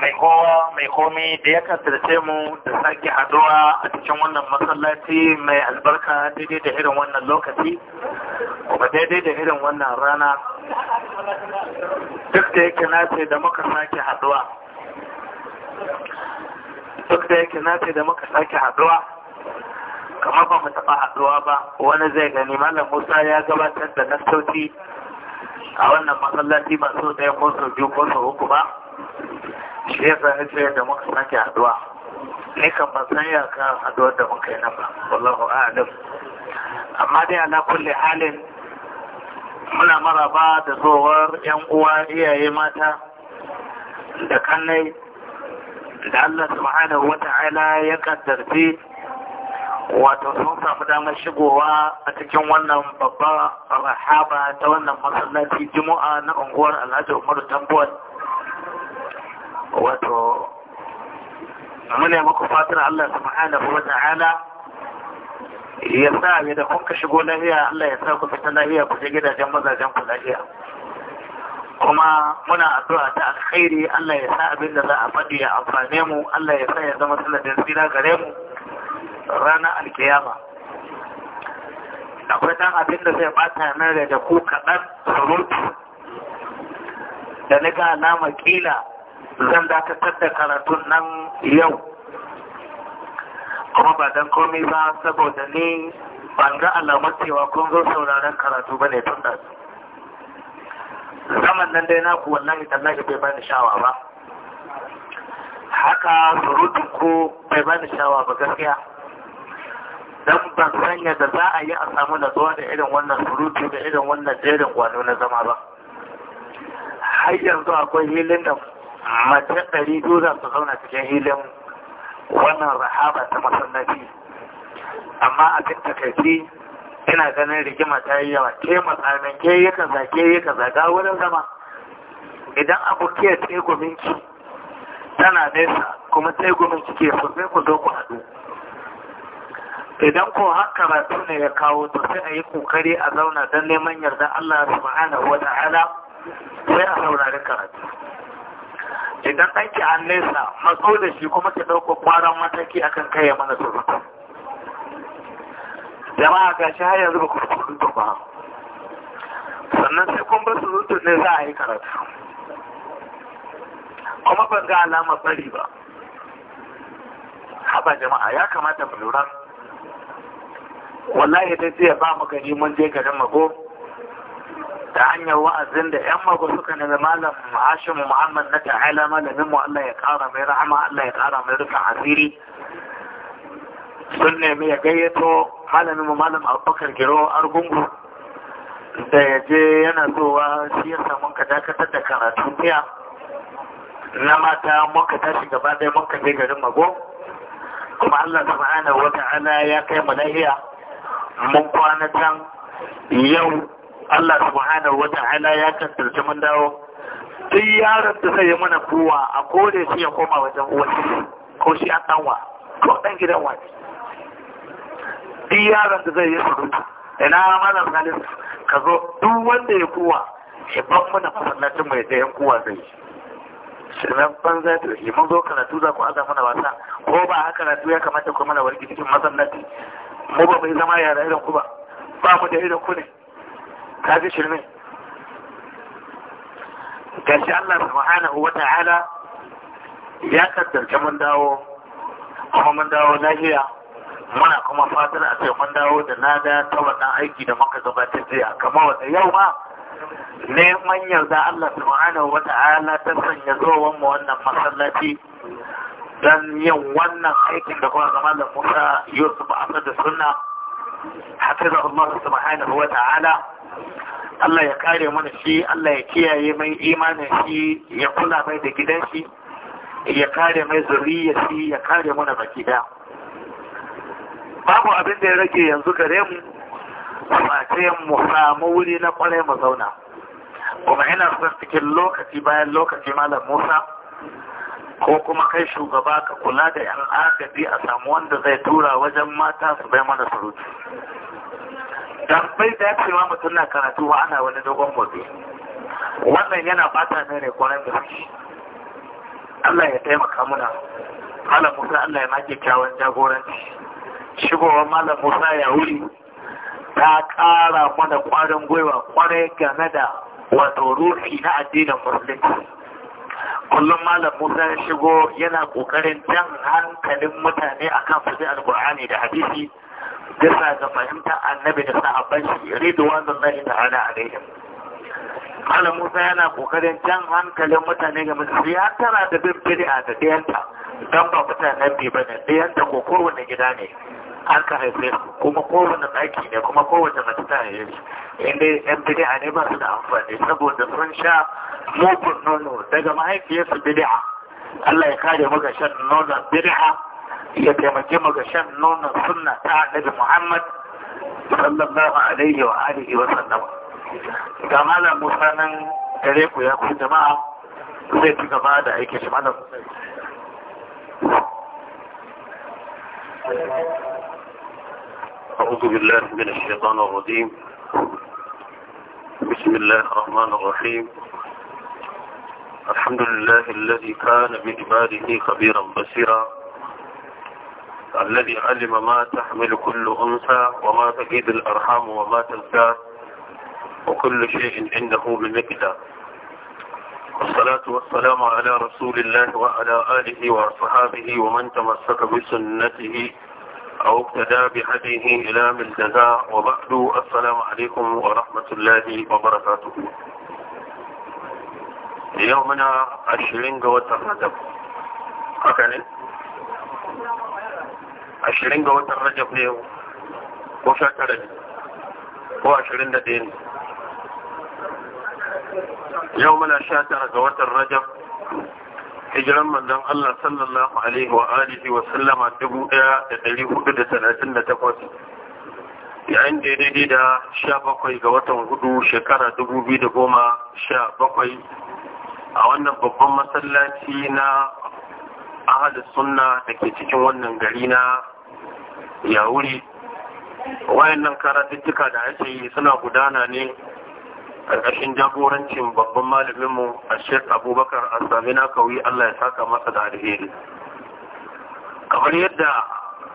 mai kowa mai komi da ya kasance mu da sake haduwa a cikin wannan masallaci mai albarka daidai da irin wannan lokaci kuma daidai da irin wannan rana duk da yake nace da muka sake haduwa duk da yake nace da muka sake haduwa kamar ba mu taɓa haduwa ba wani zai gani malam musa ya gabatar da nasauti a wannan masallaci ba so ɗaya ko so biyu ko so uku ba shi ya sami ce da muka sake haduwa ni kan ba san ya ka haduwa da muka yi na ba wallahu a'lam amma dai ala kulli halin muna maraba da zowar yan uwa iyaye mata da kanai da Allah subhanahu wata'ala ya kaddarci wato sun samu damar shigowa a cikin wannan babbar rahaba ta wannan masallaci juma'a na unguwar alhaji umaru tambuwal wato muna maku fatan allah subhanahu wa ta'ala ya sa ya da kun ka shigo lafiya allah ya sa ku fita lafiya ku je gidajen mazajen ku lafiya kuma muna addu'a ta alkhairi allah ya sa abin da za a faɗi ya amfane mu allah ya sa ya zama sanadin tsira gare mu ranar alkiyama akwai ɗan abin da zai bata nan da ku kaɗan surutu da na ga alama ƙila zan dakatar da karatun nan yau kuma ba don komai ba saboda ni ban ga alamar cewa kun zo sauraron karatu ba ne tun da zaman nan dai naku wallahi tallahi bai bani shawa ba haka surutun ku bai bani shawa ba gaskiya dan ban sanya da za a yi a samu natsuwa da irin wannan surutu da irin wannan jerin kwano na zama ba har yanzu akwai hilin da mace ɗari biyu za su zauna cikin hilin wannan rahaba ta masallaci amma abin takaici ina ganin rigima ta yi yawa ke matsanin ke yi kaza ke yi kaza ga wurin zama idan abu ke tsegumin ki tana nesa kuma tsegumin ki ke so sai ku zo ku haɗu idan ko har karatu ne ya kawo to sai a yi kokari a zauna don neman yarda Allah subhanahu wa ta'ala sai a saurari karatu idan ɗanki an nesa matso da shi kuma ki ɗauko kwaran mataki akan kai ya mana surutu jama'a ga shi har yanzu ba ku surutu ba sannan sai kun bar surutu ne za a yi karatu kuma ban ga alamar bari ba haba jama'a ya kamata mu lura wallahi dai sai ya ba mu gani mun je garin mago ta hanyar wa'azin da yan mago suka na malam Hashim Muhammad na ta'ala malamin mu Allah ya kara mai rahama Allah ya kara mai rufin asiri sun nemi ya gayyato malamin mu malam Abubakar Giro Argungu da ya je yana zuwa shi ya samu ka dakatar da karatu biya na mata muka tashi gaba ɗaya muka je garin mago kuma Allah subhanahu wa ta'ala ya kai mu lahiya mun kwana can yau Allah subhanahu wa ta'ala ya kasance mun dawo duk yaron da sai ya mana kowa a kore shi ya koma wajen uwarsa ko shi an danwa ko dan gidan wani duk yaron da zai yi surutu ina mana salis ka zo duk wanda ya kowa ya ban mana masallacin mai tsayen yan kowa zai yi sannan banza da shi mun zo karatu za ku aza mana wasa ko ba haka karatu ya kamata ku mana wargi cikin masallaci mu ba mai zama yara irin ku ba ba mu da irin ku ne ka ji shirme shi Allah subhanahu wa ta'ala ya kaddarce mun dawo kuma mun dawo lafiya muna kuma fatar a ce mun dawo da nada ta wannan aiki da muka gabatar jiya kamar wata yau ma ne manyan, da Allah subhanahu wa ta'ala ta sanya zuwan mu wannan masallaci dan yin wannan aikin da kuma zama da Musa Yusuf Asad da Sunna hafiza Allah subhanahu wa ta'ala Allah ya kare mana shi Allah ya kiyaye mai imanin shi ya kula mai da gidan shi ya kare mai zuriya shi ya kare mana baki da babu abin da ya rage yanzu gare mu face mu samu wuri na kwarai mu zauna kuma ina son cikin lokaci bayan lokaci malam Musa ko kuma kai shugaba ka kula da yan agaji a samu wanda zai tura wajen mata su bai mana surutu dan bai da ya cewa mutum na karatu wa ana wani dogon motsi wannan yana bata ne ne kwanan da shi Allah ya taimaka muna Malam Musa Allah ya maki kyawun jagoranci shigowar Malam Musa ya wuri ta kara mana kwarin gwiwa kwarai game da wato rufi na addinin musulunci kullum malam Musa ya shigo yana kokarin jan hankalin mutane akan fasi alkur'ani da hadisi bisa ga fahimtar annabi da sahabban shi ridwan lillahi ta'ala alaihim malam Musa yana kokarin jan hankalin mutane ga musu ya tara da bin da dayanta dan ba mutanen bi bane dayanta ko kowanne gida ne An ka haife kuma kowane ɗaki ne kuma kowace mace ta haife shi inda yan a ne ba su da amfani saboda sun sha mugun nono daga mahaifiyarsu a Allah ya kare mu ga shan nonon a ya taimake mu ga shan nonon sunna ta annabi Muhammad sallallahu alaihi wa alihi wa sallam ga malam Musa nan gare ku ya ku jama'a zai ci gaba da aikin shi malam Thank you. أعوذ بالله من الشيطان الرجيم بسم الله الرحمن الرحيم الحمد لله الذي كان بعباده خبيرا بصيرا الذي علم ما تحمل كل أنثى وما تكيد الأرحام وما تنسى وكل شيء عنده بمقدار والصلاة والسلام على رسول الله وعلى آله وصحابه ومن تمسك بسنته أو اقتدى بهديه إلى من الجزاء وبعد السلام عليكم ورحمة الله وبركاته يومنا عشرين قوة الرجب أكني عشرين قوة الرجب ليو وشكرا هو عشرين دين يومنا شاتر قوة الرجب hijiran manzon Allah sallallahu alaihi wa alihi wa sallama 1438 yayin da daidai da 17 ga watan hudu shekara 2017 a wannan babban masallaci na ahad sunna da ke cikin wannan gari na yawuri wayannan karatuttuka da ake yi suna gudana ne karkashin jagorancin babban malaminmu a shek abubakar na kauyi allah ya saka masa da alheri kamar yadda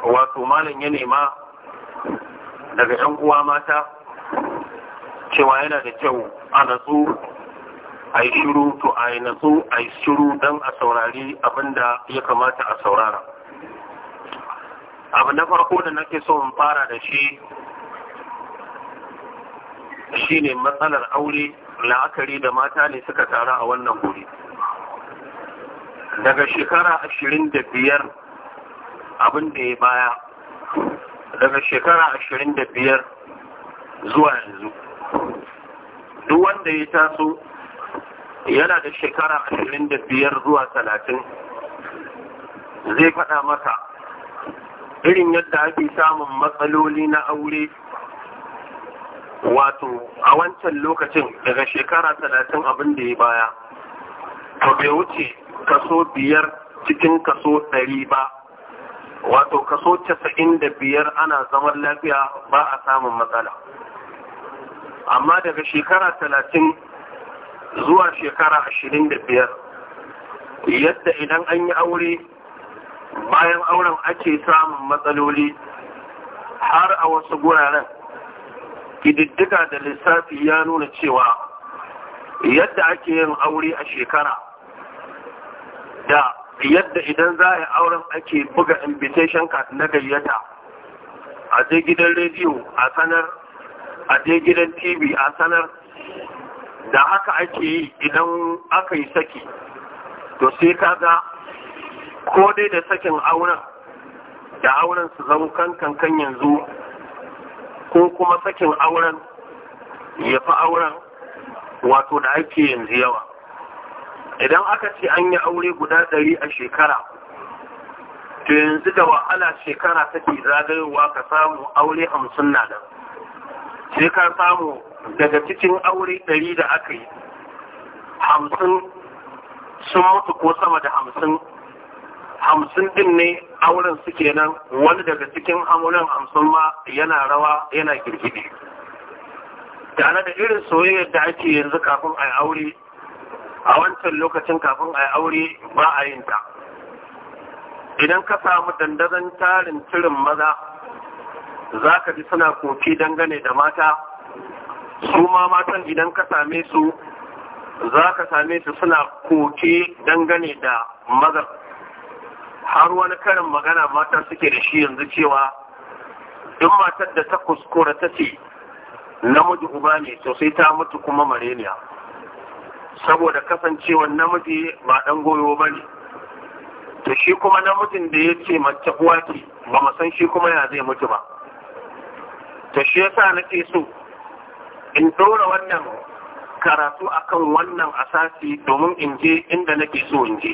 wato malam ya nema daga yan uwa mata cewa yana da kyau a natsu a yi shiru to a yi natsu a yi shiru don a saurari abinda ya kamata a saurara abu na farko da nake so in fara da shi shine matsalar aure la'akari da mata ne suka tara a wannan guri daga shekara ashirin da biyar abin da ya baya daga shekara ashirin da biyar zuwa yanzu duk wanda ya taso yana da shekara ashirin da biyar zuwa talatin zai faɗa maka. irin yadda ake samun matsaloli na aure wato a wancan lokacin daga shekara talatin abin da ya baya to bai wuce kaso biyar cikin kaso ɗari ba wato kaso casa'in da biyar ana zaman lafiya ba a samun matsala amma daga shekara talatin zuwa shekara ashirin da biyar yadda idan an yi aure bayan auren ake samun matsaloli har a wasu guraren kididdiga da lissafi ya nuna cewa yadda ake yin aure a shekara da yadda idan za a yi auren ake buga invitation card na gayyata a je gidan rediyo a sanar a je gidan tv a sanar da haka ake yi idan aka yi saki to sai kaga ko dai da sakin auren da auren su zama kankan yanzu ko kuma sakin auren ya fi auren wato da ake yanzu yawa idan aka ce an yi aure guda ɗari a shekara to yanzu da wahala shekara take zagayowa ka samu aure hamsin na nan sai ka samu daga cikin aure ɗari da aka yi hamsin sun mutu ko sama da hamsin hamsin din ne auren su kenan wani daga cikin amuran hamsin ma yana rawa yana girgidi tare da irin soyayyar da ake yanzu kafin a yi aure a wancan lokacin kafin a yi aure ba a yin ta idan ka samu dandazon tarin cirin maza za ka ji suna kofi dangane da mata su ma matan idan ka same su za ka same su suna koke dangane da mazar har wani karin magana mata suke da shi yanzu cewa in matar da ta kuskura ta ce namiji uba ne sosai ta mutu kuma mareniya saboda kasancewar namiji ba dan goyo ba ne to shi kuma namijin da ya ce mace uwa ce ba mu san shi kuma ya zai mutu ba to shi yasa nake so in ɗora wannan karatu akan wannan asasi domin in je inda nake so in je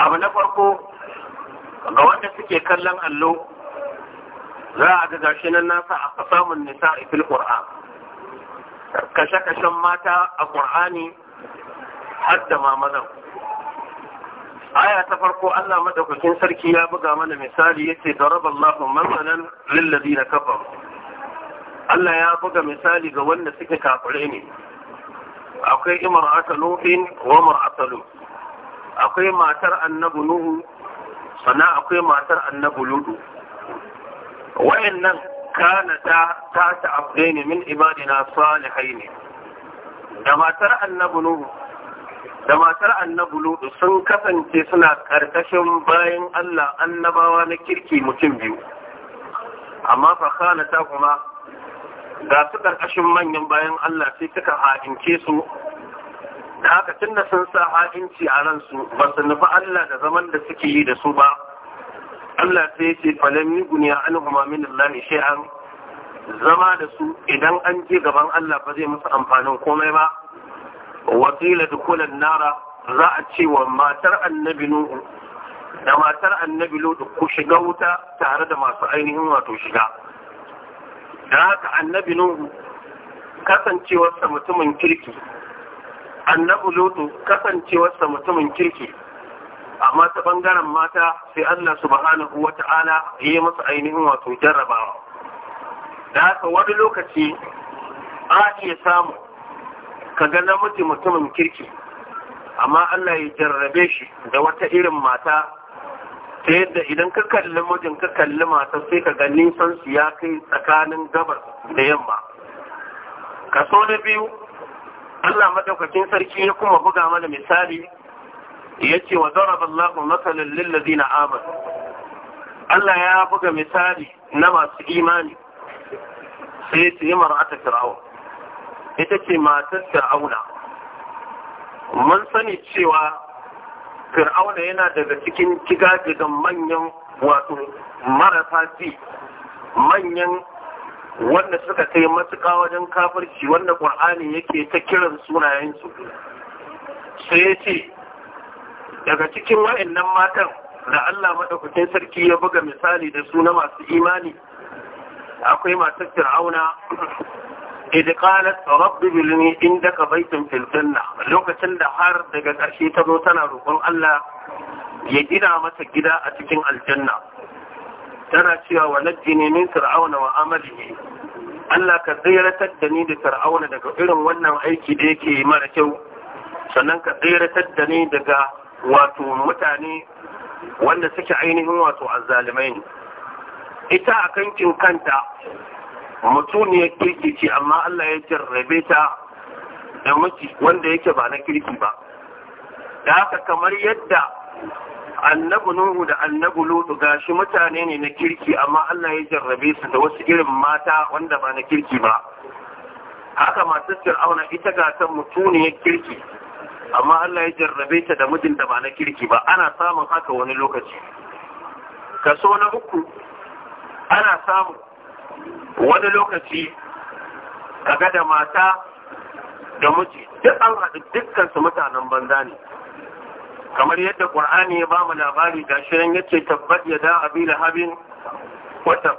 abu na farko ga wanda suke kallon allo za a ga gashi nan nasa a samun nisa fil qur'an kashe-kashen mata a ƙur'ani har da mamadan. aya ta farko Allah madaukakin sarki ya buga mana misali yace daraballahu masalan lil na kafa. Allah ya buga misali ga wanda suke kafure ne akwai imra'atu nuhin wa imra'atu lut akwai matar annabu nuhu sannan akwai matar annabi ludu wayannan kana ta ta ta'abdaini min ibadina salihaini da matar annabu nuhu da matar annabi ludu sun kasance suna karkashin bayan Allah annabawa na kirki mutum biyu amma fa kana ta kuma ga su karkashin manyan bayan Allah sai suka haɗince su da haka tun da sun sa ha'inci a ransu ba su nufi Allah da zaman da suke yi da su ba Allah sai ya ce falam yughni anhum min Allah shay'an zama da su idan an je gaban Allah ba zai musu amfanin komai ba wakila dukulan nara za a ce wa matar annabi nuhu da matar annabi lutu ku shiga wuta tare da masu ainihin wato shiga da haka annabi nuhu kasancewarsa mutumin kirki annabi lutu kasancewarsa mutumin kirki amma ta bangaren mata sai Allah subhanahu wa ta'ala ya yi masa ainihin wato jarrabawa da haka wani lokaci a iya samu ka ga namiji mutumin kirki amma Allah ya jarrabe shi da wata irin mata ta yadda idan ka kalli mijin ka kalli mata sai ka ga nisan su ya kai tsakanin gabar da yamma kaso na biyu Allah madaukakin sarki ya kuma buga mana misali yace wa daraba Allahu matalan lil ladina amanu Allah ya buga misali na masu imani sai ta yi mar'ata fir'aun ita ce matar fir'auna mun sani cewa fir'auna yana daga cikin kiga ga manyan wato marasa ci manyan wanda suka kai matuƙa wajen kafirci wanda ƙur'ani yake ta kiran sunayensu sai ya ce daga cikin wa'annan matan da Allah maɗaukakin sarki ya buga misali da suna masu imani akwai masu fir'auna idan bilini rabbi bilni bai baitun fil janna lokacin da har daga ƙarshe ta zo tana roƙon Allah ya gina masa gida a cikin aljanna tana cewa wa najjini min fir'auna wa amalihi Allah ka tsiratar da ni da fir'auna daga irin wannan aiki da yake mara kyau sannan ka tsiratar da ni daga wato mutane wanda suke ainihin wato azzalimai ita a kankin kanta mutuniyar kirki ce amma Allah ya jarrabe ta da miki wanda yake ba na kirki ba da haka kamar yadda annabi nuhu da annabi lutu gashi mutane ne na kirki amma Allah ya jarrabe su da wasu irin mata wanda ba na kirki ba haka masu fir'auna ita ga ta mutuniyar kirki amma Allah ya jarrabe ta da mijin da ba na kirki ba ana samun haka wani lokaci kaso na uku ana samu wani lokaci kaga da mata da miji duk an haɗu dukkan su mutanen banza ne kamar yadda qur'ani ya bamu labari gashi nan yace tabbat ya da abi lahabin wata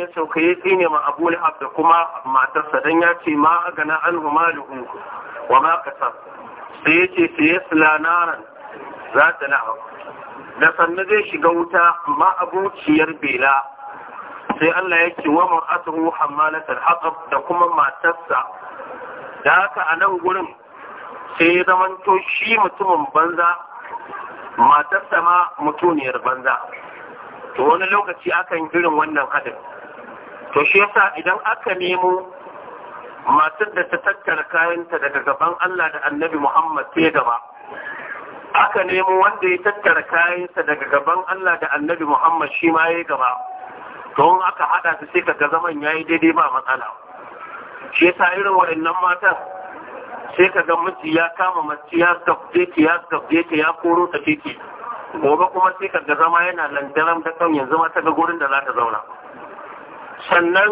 ya sauka ya tsine ma abu lahab da kuma matarsa dan ya ce ma agana an humaluhu wa ma kasab sai yace sai yasla naran za ta lahab da sannu zai shiga wuta ma abuciyar bela sai Allah ce wa mar'atuhu hammalatul haqab da kuma matarsa da haka a nan gurin sai ya to shi mutumin banza matarsa ma mutuniyar banza to wani lokaci akan irin wannan hadin to shi yasa idan aka nemo matar da ta tattara kayanta daga gaban Allah da annabi Muhammad sai gaba aka nemo wanda ya tattara kayansa daga gaban Allah da annabi Muhammad shi ma ya gaba to in aka haɗa su sai kaga zaman yayi daidai ba matsala shi yasa irin waɗannan matan sai ka ga miji ya kama mace ya gabje ya gabje ya koro ta titi gobe kuma sai ka ga zama yana landaran da kan yanzu ma ta ga gurin da za ta zauna sannan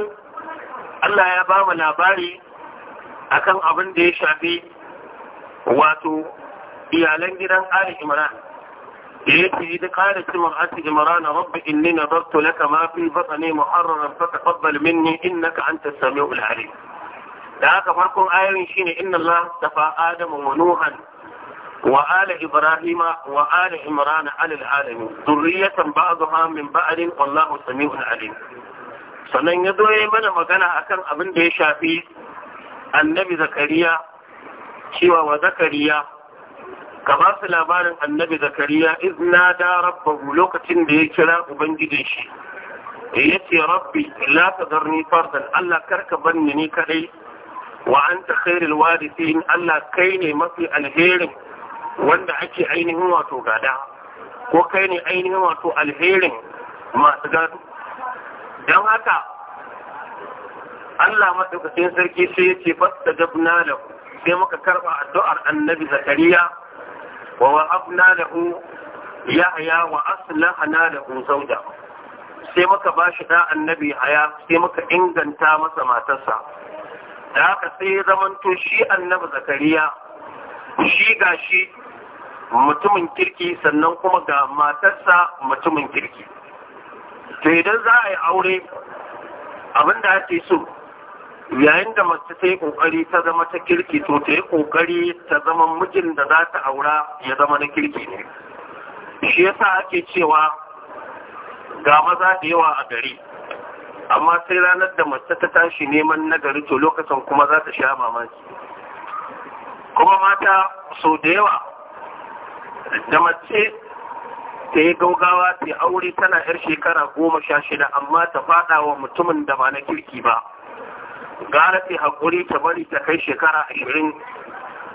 Allah ya ba mu labari akan abin da ya shafi wato iyalan gidan Ali Imran da yake da kare cimar asi Imran rabbi inni nadartu laka ma fi batni muharraran fataqabbal minni innaka antas samiul alim da aka farkon ayoyin shine inna Allah tafa Adamu wa Nuhan wa ala Ibrahima wa ala Imran ala alamin zurriyatan ba'daha min ba'din wallahu samiu alim sannan ya zo yi mana magana akan abin da ya shafi annabi Zakariya cewa wa Zakariya ka ba su labarin annabi Zakariya izna da rabbahu lokacin da ya kira ubangijin shi yace rabbi la tadarni fardan Allah karka banni ni kaɗai wa an anta khairul warithin Allah kai ne mafi alherin wanda ake ainihin wato gada ko kai ne ainihin wato alherin masu gado don haka Allah maɗaukacin sarki sai yake ce fasta gabna da sai muka karɓa addu'ar annabi zakariya wa wa'afna da yahya wa aslahana da zauja sai muka ba shi da annabi haya sai muka inganta masa matarsa da haka sai ya zamanto shi annabi zakariya shi ga shi mutumin kirki sannan kuma ga matarsa mutumin kirki to idan za a yi aure abinda ake so yayin da mace ta yi kokari ta zama ta kirki to ta yi kokari ta zama mijin da za ta aura ya zama na kirki ne shi yasa ake cewa ga maza da yawa a gari amma sai ranar da mace ta tashi neman nagari to lokacin kuma za ta sha mamaki kuma mata sau da yawa da mace ta yi gaugawa ta aure tana yar shekara goma sha shida amma ta fada wa mutumin da ba na kirki ba gara ta haƙuri ta bari ta kai shekara ashirin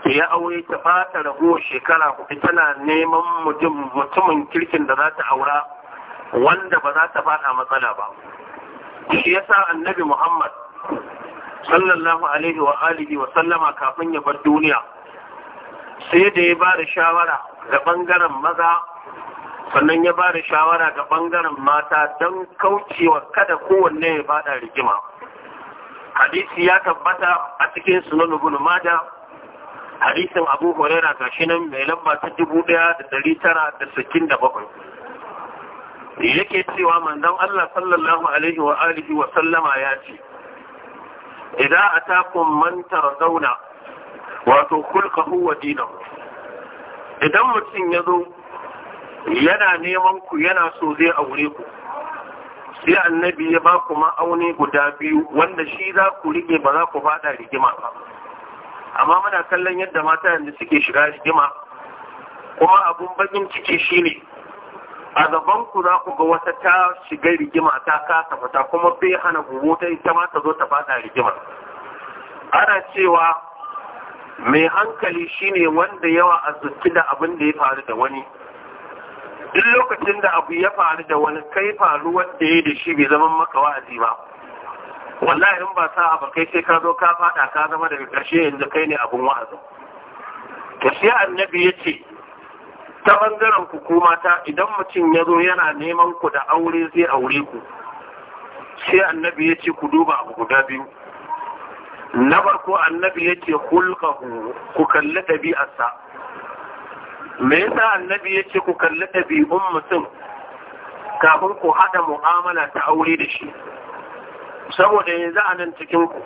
ta yi aure ta fata ragowar shekara kuɗi tana neman mutumin kirkin da za ta aura wanda ba za ta fada matsala ba shi yasa annabi Muhammad sallallahu alaihi wa alihi wa sallama kafin ya bar duniya sai da ya ba da shawara ga bangaren maza sannan ya ba da shawara ga bangaren mata don kaucewa kada kowanne ya da rigima hadisi ya tabbata a cikin sunan ibn mada hadisin abu huraira gashi nan mai lamba ta 1967 yake cewa manzon Allah sallallahu alaihi wa alihi wa sallama ya ce idan atakum man zauna, wato kulka huwa dinahu idan mutum ya zo yana neman ku yana so zai aure ku sai annabi ya ba ku ma'auni guda biyu wanda shi za ku rike ba za ku fada rigima ba amma muna kallon yadda mata yanzu suke shiga rigima kuma abun bakin ciki shine a gaban ku za ku ga wata ta shiga rigima ta kasa fita kuma bai hana gugu ta ita ma ta zo ta fada rigima ana cewa mai hankali shine wanda yawa a zuci da abin da ya faru da wani duk lokacin da abu ya faru da wani kai faru wanda ya da shi bai zama maka wa'azi ba wallahi in ba sa abu kai sai ka zo ka fada ka zama daga karshe yanzu kai ne abin wa'azi to sai annabi ya ce ta bangaren ku ko mata idan mutum ya zo yana neman ku da aure zai aure ku sai annabi ya ce ku duba abu guda biyu na farko annabi ya ce hulƙahu ku kalli ɗabi'arsa me yasa annabi ya ce ku kalli ɗabi'un mutum kafin ku haɗa mu'amala ta aure da shi saboda yanzu a nan cikinku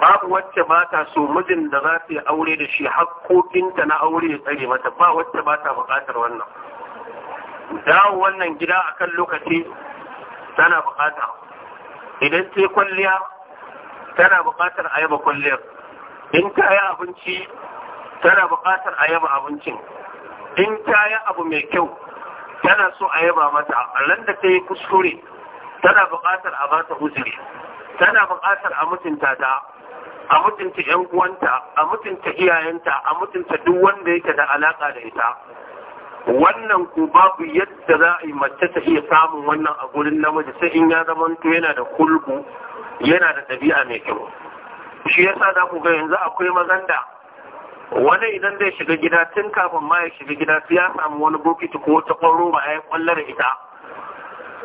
babu wacce ba ta so mijin da za ta yi aure da shi hakkokinta na aure ya tsare mata ba wacce ba ta buƙatar wannan dawo wannan gida akan lokaci tana buƙata idan ta kwalliya tana buƙatar a yaba kwalliyar in ta yi abinci tana buƙatar a yaba abincin in ta yi abu mai kyau tana so a yaba mata ran da ta yi kuskure tana buƙatar a ba ta uzuri, tana buƙatar a mutunta ta a mutunta ‘yan uwanta, a mutunta iyayenta, a mutunta duk wanda yake da alaƙa da ita. Wannan ku babu yadda za a yi mace ta iya samun wannan a gurin namiji sai in ya zama to yana da kulku yana da ɗabi'a mai kyau. Shi sa za ku ga yanzu akwai mazan wani idan zai shiga gida tun kafin ma ya shiga gida sai ya samu wani bokiti ko wata ƙwaro ba ya da ita.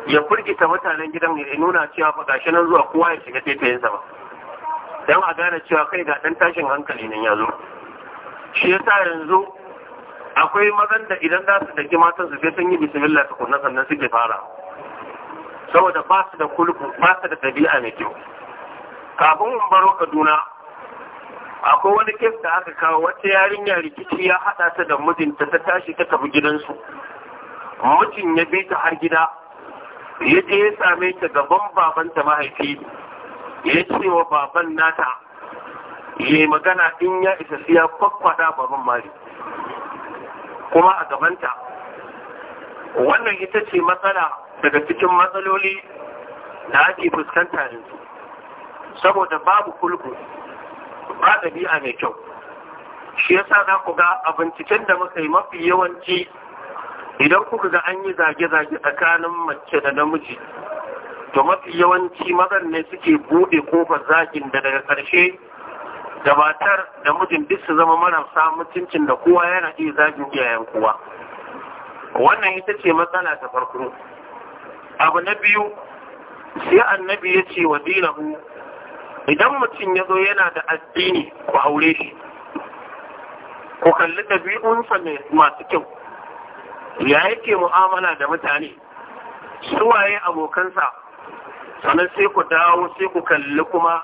Ya firgita mutanen gidan ya nuna cewa fa gashi nan zuwa kowa ya shiga taitayensa ba. don a gane cewa kai ga ɗan tashin hankali nan ya zo shi ya sa yanzu akwai mazan da idan za su daki matan su sai sun yi bismillah kunna sannan suke fara saboda ba su da kulku ba su da ɗabi'a mai kyau kafin mun baro kaduna akwai wani kes da aka kawo wata yarinya rikici ya haɗa ta da mijinta ta tashi ta tafi gidansu mijin ya bi ta har gida ya je ya same ta gaban babanta mahaifi ya ce wa baban nata ya magana in ya isa siya kwakwada baban mari kuma a gabanta wannan ita ce matsala daga cikin matsaloli da ake fuskanta yanzu saboda babu kulku ba ɗabi'a mai kyau shi yasa za ku ga a binciken da muka yi mafi yawanci idan kuka ga an yi zage-zage tsakanin mace da namiji to mafi yawanci mazan ne suke buɗe kofar zakin da daga karshe da matar da mijin duk su zama marasa mutuncin da kowa yana iya zagin iyayen kowa wannan ita ce matsala ta farko abu na biyu sai annabi ya ce wa dinahu idan mutum ya zo yana da addini ku aure shi ku kalli ɗabi'unsa masu kyau ya yake mu'amala da mutane suwaye abokansa sannan sai ku dawo sai ku kalli kuma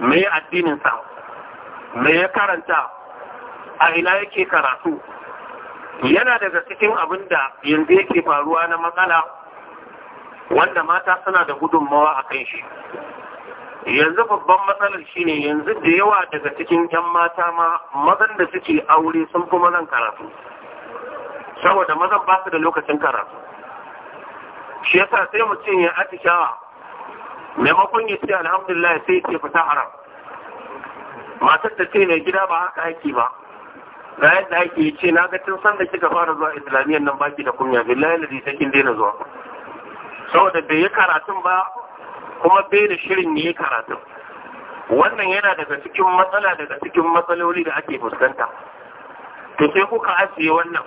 me sa? me ya karanta a ina yake karatu yana daga cikin abinda da yanzu yake faruwa na matsala wanda mata suna da gudunmawa a kan shi yanzu babban matsalar shine yanzu da yawa daga cikin 'yan mata ma mazan da suke aure sun fi mazan karatu saboda mazan ba su da lokacin karatu shi yasa sai mutum ya shawa maimakon ya ce alhamdulillah sai ce fita haram matar ta ce mai gida ba haka haki ba ga yadda ake yi ce na ga tun sanda kika fara zuwa islamiyyar nan baki da kunya billahi ladi ta kin daina zuwa saboda bai yi karatun ba kuma bai da shirin ne yi karatun wannan yana daga cikin matsala daga cikin matsaloli da ake fuskanta to sai kuka asiye wannan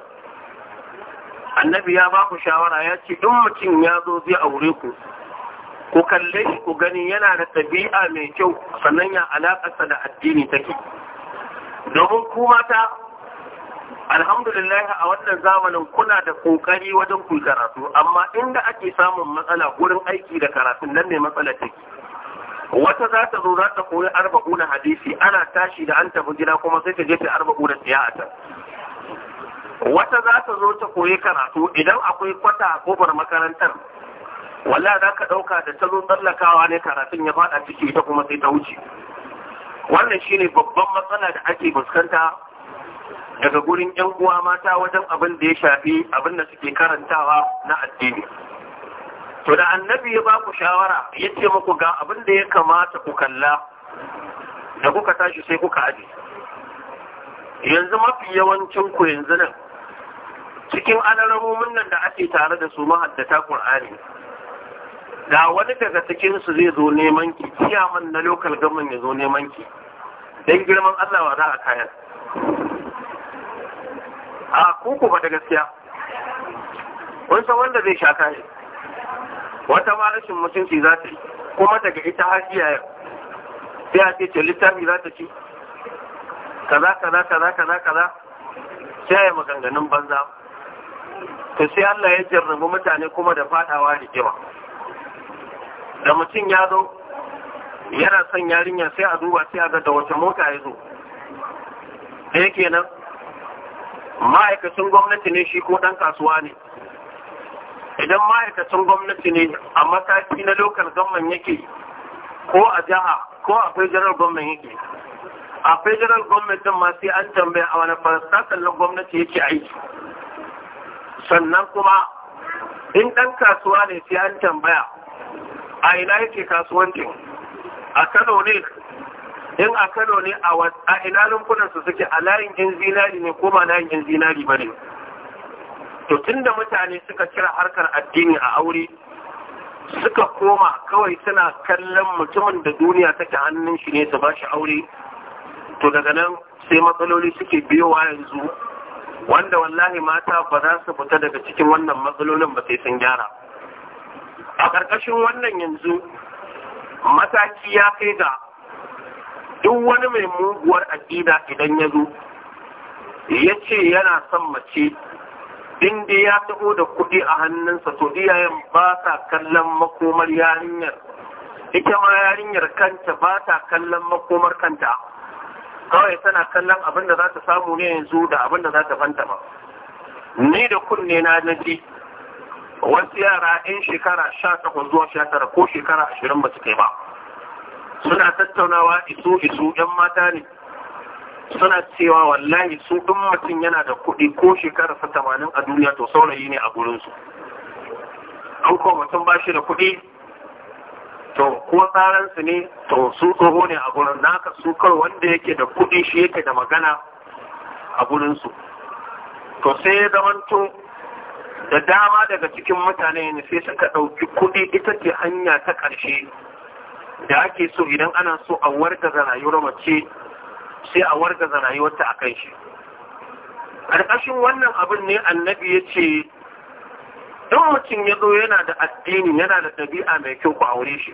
annabi ya ba ku shawara ya ce in mutum ya zo zai aure ku ku kalle shi ku gani yana da tabi'a mai kyau sannan ya sa da addini take domin ku mata alhamdulillah a wannan zamanin kuna da kokari wajen ku karatu amma inda ake samun matsala gurin aiki da karatu nan ne matsala take wata za ta zo za ta koyi arba'u na hadisi ana tashi da an tafi gida kuma sai ta je ta a siya'ata wata za ta zo ta koyi karatu idan akwai kwata a gobar makarantar Wala za ka ɗauka da talo tsallakawa ne karatun ya faɗa ciki ita kuma sai ta wuce wannan shine babban matsala da ake fuskanta daga gurin yan uwa mata wajen abin da ya shafi abin da suke karantawa na addini to da annabi ya ba ku shawara ya ce muku ga abin da ya kamata ku kalla da kuka tashi sai kuka aji yanzu mafi yawancin ku yanzu nan cikin alaramomin nan da ake tare da su mahaddata Kur'ani. da wani daga cikin su zai zo neman ki kiyaman na lokal gamin ya zo neman ki dan girman Allah wa za a kayan a kuku ba da gaskiya wani san wanda zai sha kayan wata ma rashin mutunci za ta yi kuma daga ita hajiya yau sai a ce ce littafi za ta ci kaza kaza kaza kaza kaza sai ya maganganun banza ta sai Allah ya jarrabu mutane kuma da fadawa da kima da mutum ya zo yana son yarinya sai a duba sai a ga da wata mota ya zo ɗaya kenan ma'aikacin gwamnati ne shi ko ɗan kasuwa ne idan ma'aikacin gwamnati ne a mataki na lokal gwamnan yake ko a jiha ko a federal gwamnan yake a federal gwamnati ma sai an tambaya a wani farsakan na gwamnati yake aiki sannan kuma in ɗan kasuwa ne sai an tambaya a ina yake kasuwancin a kano ne in a kano ne a ina su suke a layin yin zinari ne ko ma layin yan zinari ba ne to tunda mutane suka kira harkar addini a aure suka koma kawai suna kallon mutumin da duniya take hannun shi ne su ba shi aure to daga nan sai matsaloli suke biyowa yanzu wanda wallahi mata ba za su fita daga cikin wannan matsalolin ba sai sun gyara a ƙarƙashin wannan yanzu mataki ya kai ga duk wani mai muguwar aƙida idan ya zo ya ce yana son mace inda ya taɓo da kuɗi a hannunsa to iyayen ba sa kallon makomar yarinyar ita ma yarinyar kanta ba ta kallon makomar kanta kawai tana kallon abin da za ta samu ne yanzu da abin da za ta fanta ba ni da kunne na naji wasu yara 'yan shekara sha takwas zuwa sha tara ko shekara ashirin ba su kai ba suna tattaunawa iso iso 'yan mata ne suna cewa wallahi su ɗin mutum yana da kuɗi ko shekara sa tamanin a duniya to saurayi ne a gurinsu an kuma mutum ba shi da kuɗi to ko tsaransu ne to su tsoho ne a gurin naka su kar wanda yake da kuɗi shi yake da magana a gurinsu to sai ya zamanto da dama daga cikin mutane ne sai suka ɗauki kuɗi ita ce hanya ta ƙarshe da ake so idan ana so a warga rayuwar mace sai a wargaza rayuwarta a kan shi ƙarƙashin wannan abin ne annabi ya ce don mutum ya zo yana da addini yana da ɗabi'a mai kyau ku aure shi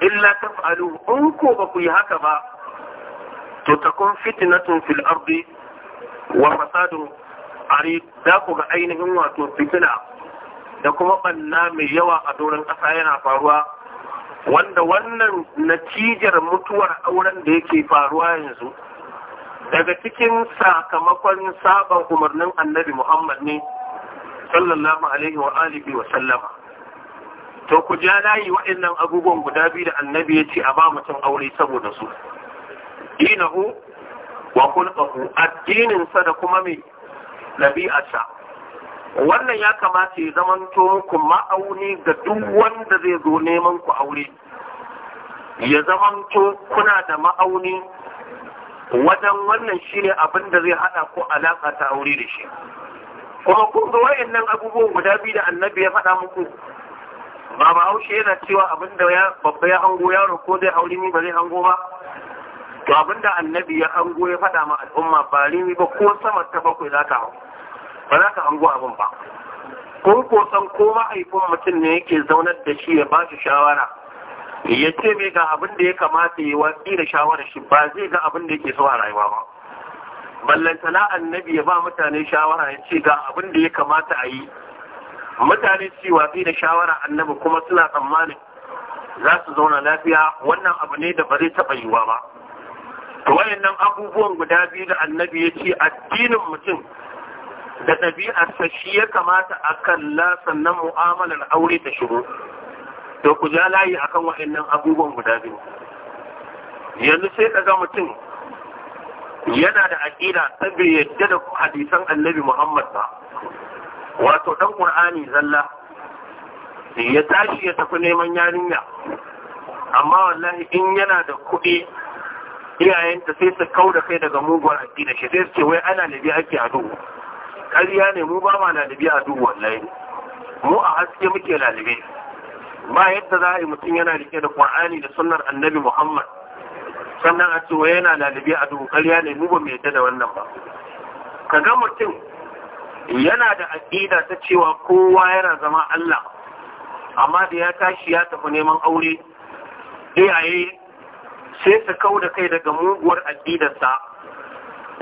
illa ta faru in ko ba ku yi haka ba to takun fitnatun fil ardi wa fasadun ari za ku ga ainihin wato fitina da kuma banna mai yawa a doron ƙasa yana faruwa wanda wannan natijar mutuwar auren da yake faruwa yanzu daga cikin sakamakon sabon umarnin annabi muhammad ne sallallahu alaihi wa alihi wa sallama to ku ja layi waɗannan abubuwan guda biyu da annabi ya ce a ba mutum aure saboda su dinahu wa kulqahu addinin sa da kuma mai ɗabi'arsa wannan ya kamata ya zamanto muku ma'auni ga duk wanda zai zo neman ku aure ya zamanto kuna da ma'auni wajen wannan shine abin da zai haɗa ku alaƙa ta aure da shi kuma kun ga nan abubuwan guda biyu da annabi ya faɗa muku ba ba yana cewa abin da babba ya hango yaro ko zai hauri ni ba zai hango ba to abinda annabi ya ango ya faɗa ma al'umma ba rini ba ko sama ta bakwai za ka ba za ka ango abin ba ko ko san ko ma'aifin mutum ne yake zaunar da shi ya ba shi shawara ya ce mai ga abin da ya kamata ya watsi da shawarar shi ba zai ga abin da yake so a rayuwa ba na annabi ya ba mutane shawara ya ce ga abin da ya kamata a yi mutane su watsi da shawara annabi kuma suna tsammanin za su zauna lafiya wannan abu ne da ba zai taɓa yiwuwa ba wayannan abubuwan guda biyu da annabi ya ce addinin mutum da sa shi ya kamata a kalla sannan mu'amalar aure ta shigo to ku ja layi akan wayannan abubuwan guda biyu yanzu sai ka ga mutum yana da aƙida ta bai yadda da hadisan annabi muhammad ba wato ɗan ƙur'ani zalla ya tashi ya tafi neman yarinya amma wallahi in yana da kuɗi iyayenta sai su kau da kai daga mugun addini shi sai su ce wai ana nabi ake a duhu ne mu ba ma lalibi a duhu wallahi mu a haske muke lalibi ba yadda za a yi mutum yana rike da qur'ani da sunnar annabi muhammad sannan a ce wai yana lalibi a duhu ƙarya ne mu ba mu yadda da wannan ba ka ga mutum yana da aƙida ta cewa kowa yana zama allah amma da ya tashi ya tafi neman aure iyaye sai su kau da kai daga muguwar aƙidarsa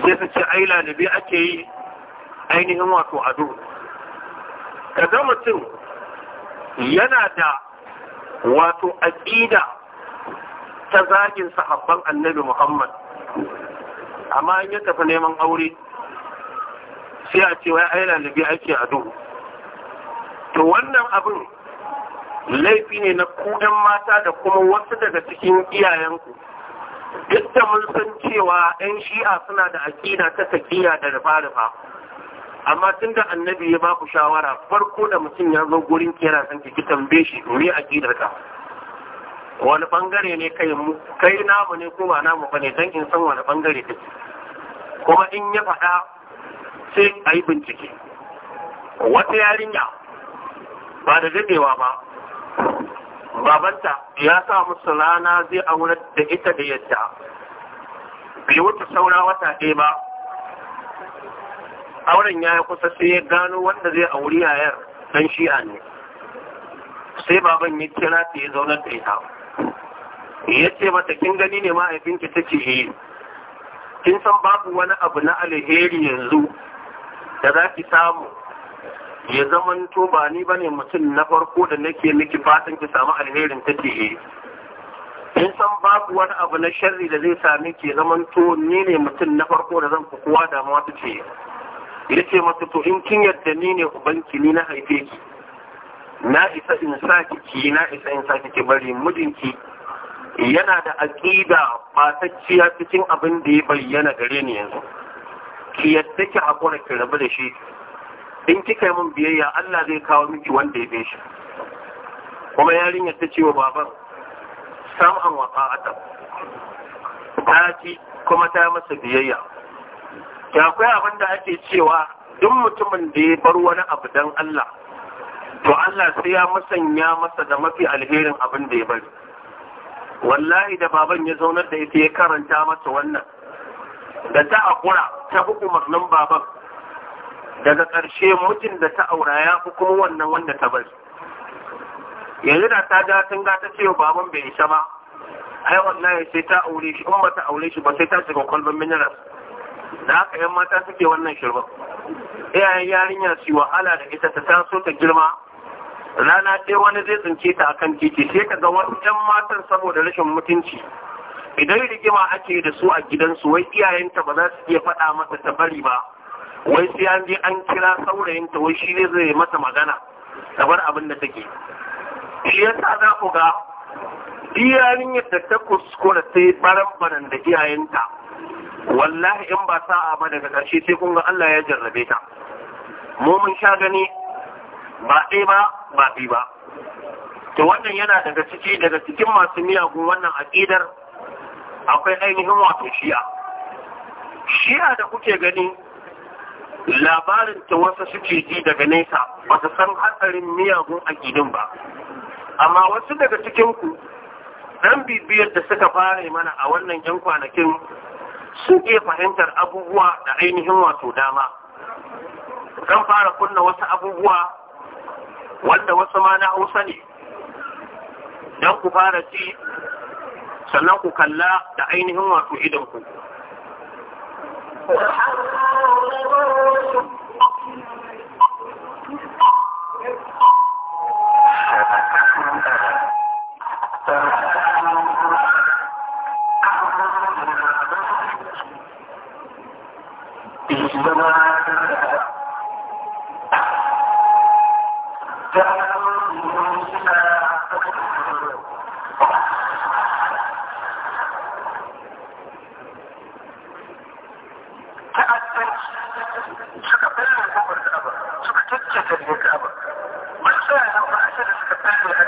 sai su ce ai lalibi ake yi ainihin wato ado zama mutum yana da wato aƙida ta zagin sahabban annabi muhammad amma in ya tafi neman aure sai a ce wai ai lalibi ake ado to wannan abin laifi ne na kudan mata da kuma wasu daga cikin iyayenku duk da mun san cewa 'yan shi'a suna da aƙida ta taƙiya da rufa-rufa amma tun da annabi ya baku shawara farko da mutum ya zo gurin kera san ki tambaye shi me aƙidar ka wani bangare ne kai mu namu ne ko ba namu bane dan in san wani bangare kake kuma in ya faɗa sai a yi bincike wata yarinya ba da daɗewa ba babanta ya sa musu rana zai aure da ita da yadda bai wuce saura wata ɗaya ba auren ya yi kusa sai ya gano wanda zai auri yayar dan shi'a ne sai baban ya kira ta ya zaunar da ita ya ce mata kin gani ne mahaifinki ta ce yi kin san babu wani abu na alheri yanzu da za ki samu ya zama to ba ni bane mutum na farko da nake miki fatan ki samu alherin take eh in san babu wani abu na sharri da zai sami ki zama to ni ne mutum na farko da zan kuwa kowa damuwa ta ce ya ce masa to in kin yadda ni ne ubanki ni na haife ki na isa in sa ki na isa in sa ki bari mijinki yana da aƙida batacciya cikin abin da ya bayyana gare ni yanzu ki yadda ki haƙura ki rabu da shi in kika yi min biyayya Allah zai kawo miki wanda ya shi kuma yarinyar ta ce wa baban sam'an wa ta ci kuma ta masa biyayya ya akwai abin da ake cewa duk mutumin da ya bar wani abu dan Allah to Allah sai ya musanya masa da mafi alherin abin da ya bari wallahi da baban ya zaunar da ita ya karanta masa wannan da ta akura ta hukumar umarnin baban daga ƙarshe mutum da ta aura ya fi kuma wannan wanda ta bari yanzu da ta ga tun ga ta ce baban bai isa ba ai wallahi sai ta aure shi in ba ta aure shi ba sai ta shiga kwalban minerals da haka yan mata suke wannan shirban iyayen yarinya su wahala da ita ta taso ta girma rana ɗaya wani zai tsince ta akan titi sai ka ga wancan matan saboda rashin mutunci idan rigima ake da su a gidansu wai iyayenta ba za su iya faɗa mata ta bari ba wai sai an je an kira saurayin ta wai shi ne zai mata magana kamar abin da take shi yasa za ku ga iyayen yadda ta kuskura sai baran da iyayenta wallahi in ba sa'a ba daga ƙarshe sai kun ga Allah ya jarrabe ta mu mun sha gani ba ɗaya ba ba bi ba to wannan yana daga ciki daga cikin masu miyagun wannan aƙidar akwai ainihin wato shi'a shi'a da kuke gani labarin ta wasu suke ji daga nesa ba su san hatsarin miyagun gidin ba amma wasu daga cikinku dan bibiyar da suka fara mana a wannan yan kwanakin sun iya fahimtar abubuwa da ainihin wato dama kan fara kunna wasu abubuwa wanda wasu ma na hausa ne don ku fara ci sannan ku kalla da ainihin wato idanku. إنما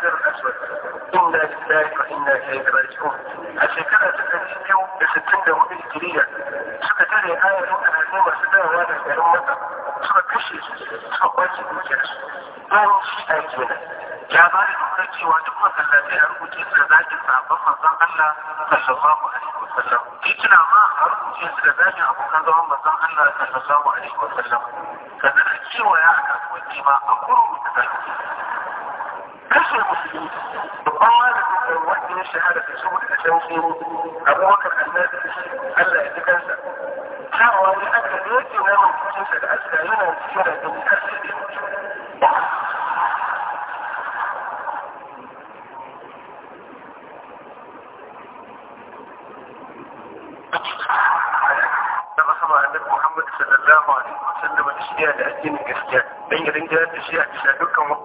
الحجر الاسود انا لله وانا اليه راجعون a shekara ta ɗari biyu da sittin da hudu hijiriya suka tare ayarin al'umma su dawowa da garin maka suka kashe su suka kwace dukiyarsu bayan shi a kenan ya ba da dokar cewa duk masallatai a rubuce su da zagin sabon manzon Allah sallallahu alaihi wasallam titina ma a rubuce su da zagin abokan zaman manzon Allah sallallahu alaihi wasallam sannan a kewaya a kasuwanci ma a kurum da zagin قال وقت الشهادة في سوق أبو بكر النادي ألا يتكنسى شعر لأن بيتي نام تكنسى الأسفل هنا كثيرة من أسفل محمد صلى الله عليه وسلم الاشياء لأجين الاشياء بين رنجات الاشياء تشاهدوكم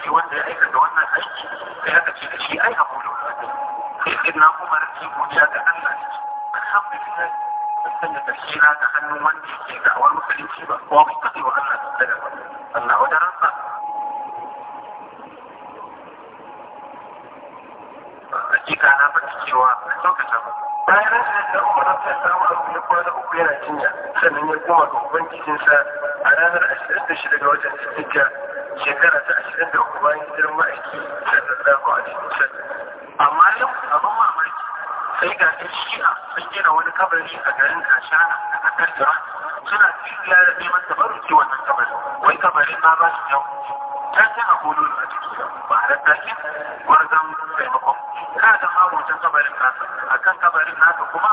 akwai wanda ya aikata wannan aiki sai aka ce da shi ai a bolo sai sai na umar shi godiya ga Allah ne alhamdulillah sun sanya karshe na ga hannun wanda yake da'awar musulunci ba kuma bai kaɗe wa Allah sun daga Allah wajen ransa hakika na faɗi cewa a kyautata ba bayan rashin da umar ta samu abu na kwana uku yana jinya sannan ya koma ga ubangijinsa a ranar ashirin da shida ga watan sittin shekara ta ashirin da uku bayan hijirin ma'aiki sallallahu alaihi wasallam amma yau abin mamaki sai ga ɗan shi'a sun gina wani kabari a garin kashana a ƙasar iran suna cikin yara neman tabaruki wannan kabari wai kabarin ma ba su yau ta ce a da a ciki ba a wani zan taimakon ka ta ma hoton kabarin nasa a kan kabarin nasa kuma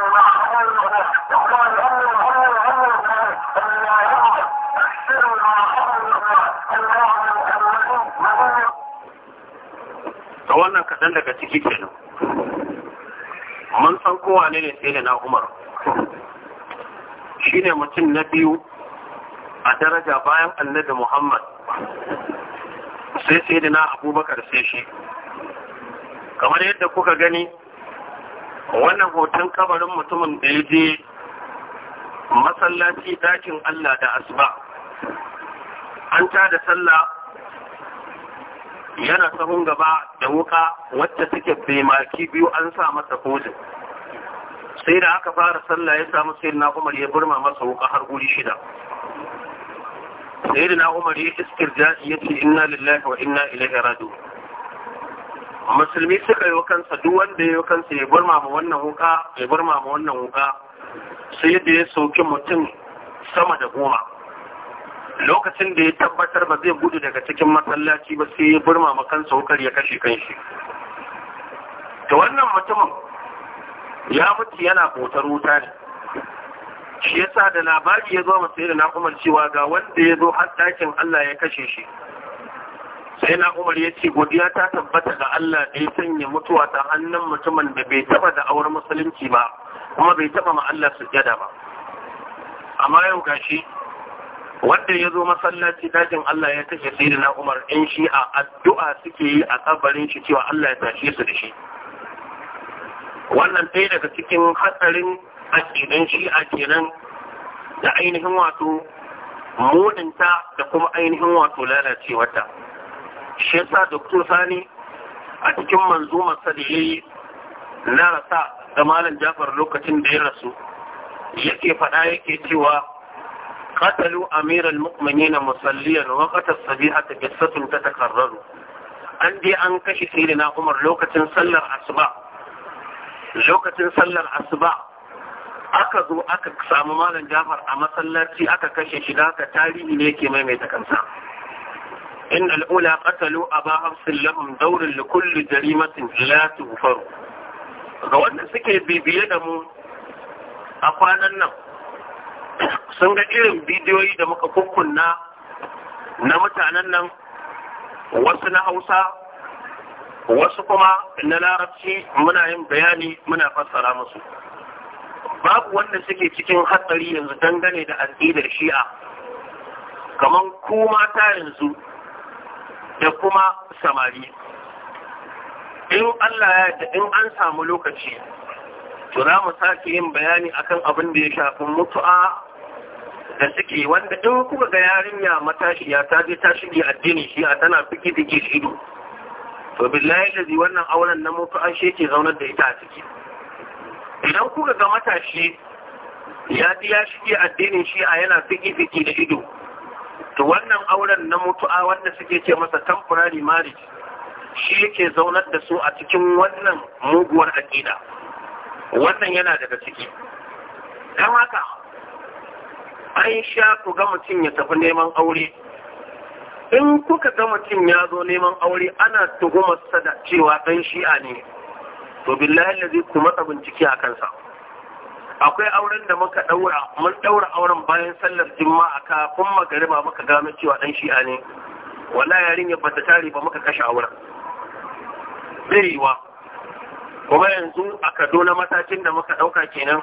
nan daga ciki kenan mun san kowa ne ne sai da na umar shi ne mutum na biyu a daraja bayan annabi muhammad sai sai da na abubakar sai shi kamar yadda kuka gani wannan hoton kabarin mutumin da ya je masallaci dakin allah da asuba an ta da sallah yana sahun gaba da wuka wacce suke bemaki biyu an sa masa kojin sai da aka fara sallah ya samu sai na umar ya burma masa wuka har guri shida sai na umar ya jaji ya ce inna lillahi wa inna ilaihi raju musulmi suka yi kansa duk wanda ya yi kansa ya burma ma wannan wuka ya burma ma wannan wuka sai da ya sauki mutum sama da goma lokacin da ya tabbatar ba zai gudu daga cikin masallaci ba sai ya burma makansa wukar ya kashe kanshi da wannan mutumin ya mutu yana kotar wuta ne shi ya sa da labari ya zo masa da na cewa ga wanda ya zo har dakin Allah ya kashe shi sai na ya ce godiya ta tabbata ga Allah da ya sanya mutuwa ta hannun mutumin da bai taba da auren musulunci ba kuma bai taba ma Allah sujjada ba amma yau gashi wanda ya zo masallaci dajin Allah ya kashe sai na Umar in shi a addu'a suke yi a kabarin shi cewa Allah ya tashe su da shi wannan ɗaya daga cikin hatsarin aƙidan shi a kenan da ainihin wato mudinta da kuma ainihin wato lalacewata shi yasa doktor sani a cikin manzumar sa da yayi na rasa da malam Jafar lokacin da ya rasu yake faɗa yake cewa قتلوا أمير المؤمنين مصليا وقت الصبيحة قصة تتكرر عندي أنكش سيدنا عمر لوكة سلر أصبع لوكة سلر أصبع aka zo aka samu malam jafar a masallaci aka kashe shi da haka tarihi ne ke maimaita kansa إن الأولى قتلوا أبا حفص لهم دور لكل جريمة لا تغفر ga wanda suke bibiye da mu a kwanan nan sun ga irin bidiyoyi da muka kukkunna na mutanen nan wasu na hausa wasu kuma na larabci muna yin bayani muna fassara musu babu wanda suke cikin hatsari yanzu dangane da al'idar shi'a kamar kuma ta yanzu da kuma samari in Allah ya da in an samu lokaci to za mu sake yin bayani akan abin da ya shafi mutu'a da suke wanda ɗan kuka ga yarinya matashiya ta je ta shige addini shi a tana fiki da ke ne to billahi lazi wannan auren na mutu an shi ke zaunar da ita a ciki idan kuka ga matashi ya ji ya shige addinin shi a yana fiki fiki da ido to wannan auren na mutu'a wanda suke ce masa temporary marriage shi yake zaunar da su a cikin wannan muguwar aƙida wannan yana daga ciki Kan haka an sha ku ga mutum ya tafi neman aure in kuka ga mutum ya zo neman aure ana tuhumarsa da cewa ɗan shi'a ne to billahi zai kuma matsa bincike a kansa akwai auren da muka ɗaura mun ɗaura auren bayan sallar jima'a kafin magariba muka gano cewa ɗan shi'a ne wala yarin ba ta tare ba muka kashe auren birewa kuma yanzu a kaduna matakin da muka ɗauka kenan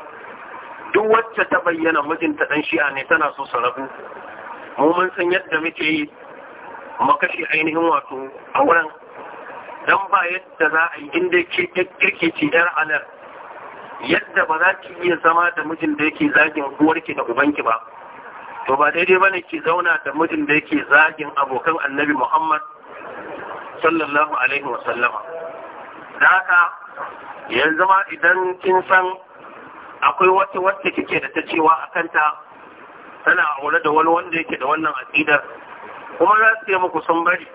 duk wacce ta bayyana mijinta dan shi'a ne tana so su rabu mu mun san yadda muke yi mu ainihin wato a wurin. Don ba yadda za a yi inda ke kirki ce yar alar yadda ba za ki iya zama da mijin da yake zagin uwarki da ubanki ba to ba daidai ba ne ki zauna da mijin da yake zagin abokan annabi Muhammad sallallahu alaihi wa da haka yanzu ma idan kin san akwai wata wacce kike da ta cewa a kanta tana aure da wani wanda yake da wannan aqidar kuma za su yi muku sun bari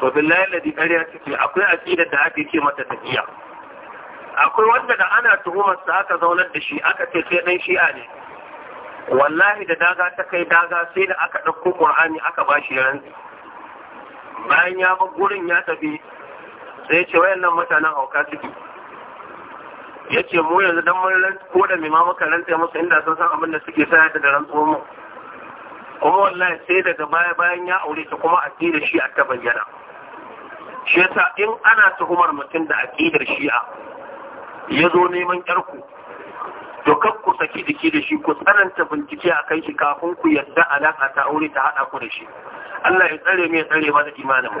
to billahi ladi kariya suke akwai aqidar da ake ce mata tafiya akwai wanda da ana tuhumar sa aka zaunar da shi aka ce sai dan shi'a ne wallahi da daga ta kai daga sai da aka ɗauko ƙur'ani aka ba shi rantsi bayan ya bar gurin ya tafi sai ce wayannan mutanen hauka suke ya ce mu yanzu don mun ko da mai maka ranta musu inda sun san abin da suke sa da rantsuwar mu kuma wallahi sai daga baya bayan ya aure ta kuma aƙidar shi a ta bayyana shi yasa in ana tuhumar mutum da aƙidar shi'a ya zo neman 'yarku. to kar ku saki jiki da shi ku tsananta bincike a kan shi kafin ku yarda alaƙa ta aure ta haɗa ku da shi Allah ya tsare mai tsare ba da imanin mu.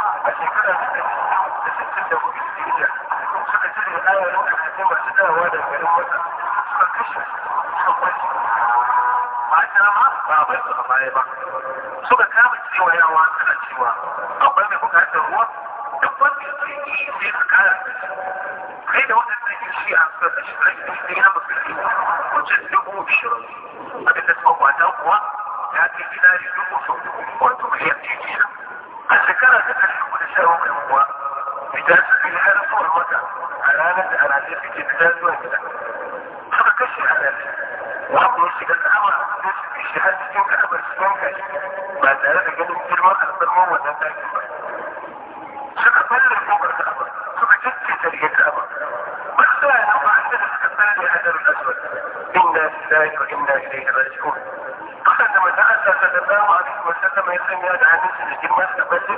a shekarar da da sittin da hudu hijira suka cire da garin wata suka kashe ba a bai su a baya ba suka kama cewa yawa suna cewa akwai mai bukatar ruwa ka kai da shi a suka ya a shekara ta umarwa idan in har kowar wata a ranar da alhaji suke fita zuwa gida suka kashe alhaji wanda ya shiga kama da su bi shi har cikin ka'abar su yanka shi ba tare da ganin girman alfarmar wannan ɗakin ba suka falle kofar ka'aba suka cikin jirgin ka'aba ba su da yana ba da suka falle hadarun aswad inna lillahi wa inna ilaihi raji'un kusan da manzon Allah sallallahu alaihi wa sallam ya sanya da hannunsa da girman sa balle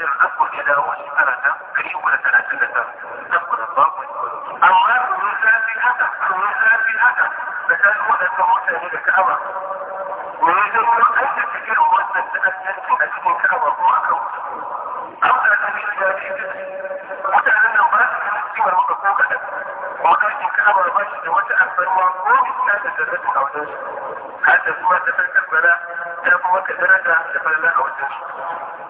da zakon ya dawo shi karata ɗari uku da talatin da tara zakon ba ku amma kuma safin haka kuma safin haka da ta zuwa da ta mutane da ka'aba ne ya zama an da cikin wannan da ake a cikin ka'aba kuma aka wuce an da ta yi da shi mutanen nan ba su kan ciwon maka ko kaɗan kuma ɗakin ka'aba ba shi da wata alfarma ko bisa da zarrata a wajen su har da zuwa ta san karbala ta kuma ka daraja da falla a wajen su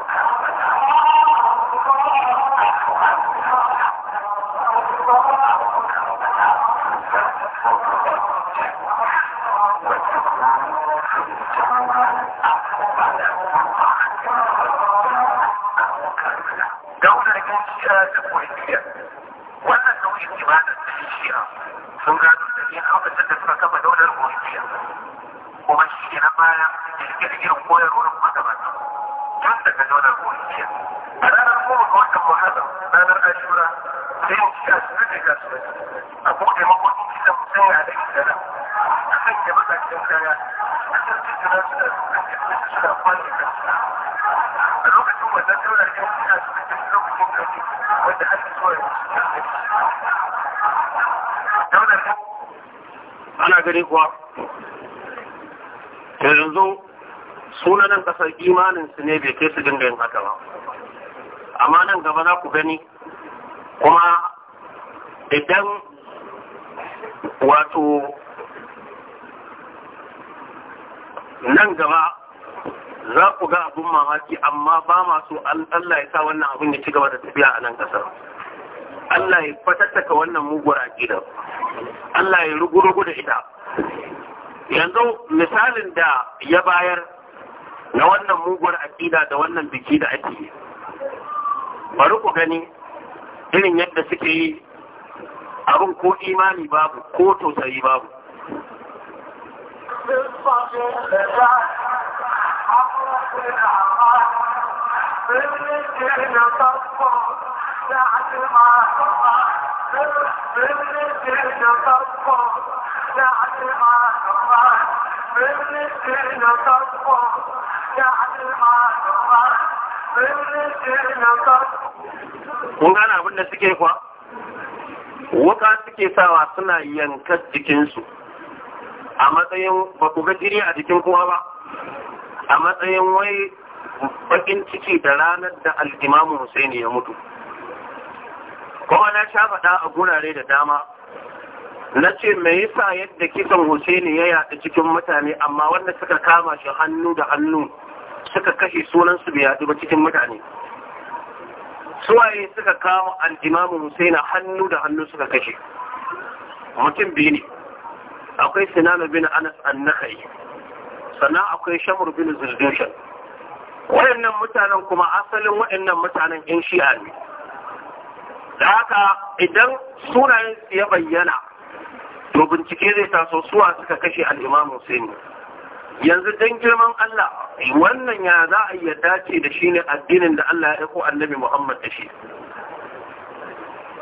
daular kuwaitiya a ranar goma ga watan muharram ranar ashura sai mu ci asibi da kasuwanci a buɗe makokin gidan musamman a dakin sana a kan ya baka cikin kaya a kan tituna suna kan tituna suna kwanci a lokacin wannan daular yan kuka wanda gani kuwa sunan kasar imaninsu ne bai kai su dinga yin haka ba amma nan gaba za ku gani kuma idan wato nan gaba za ku ga abin mamaki amma ba masu Allah ya sa wannan abin ya ci gaba da tafiya a nan kasar Allah ya fatattaka wannan muguwar aƙida Allah ya rugu-rugu da ita yanzu misalin da ya bayar na wannan muguwar aƙida da wannan biki da ake yi bari ku gani irin yadda suke yi abin ko imani babu ko tausayi babu Thank you. kun gane abin da suke kuwa wuka suke sawa suna yanka jikinsu a matsayin ba ku ga jiri a jikin kowa ba a matsayin wai bakin ciki da ranar da al'imamu Hussaini ya mutu kuma na sha faɗa a gurare da dama na ce me yasa yadda kisan Hussaini ya yaɗa cikin mutane amma wanda suka kama shi hannu da hannu suka kashe sunansu bai yaɗu ba cikin mutane suwaye suka kama al'imamu Hussaini hannu da hannu suka kashe mutum biyu ne akwai Sinan bin Anas an-Nakhai sannan akwai Shamr bin Zuldushan wayannan mutanen kuma asalin wayannan mutanen in shi'a ne da haka idan sunayen su ya bayyana to bincike zai taso suwa suka kashe al'imam Hussein yanzu dan girman Allah wannan ya za a yi iya dace da shi ne addinin da Allah ya aiko annabi Muhammad da shi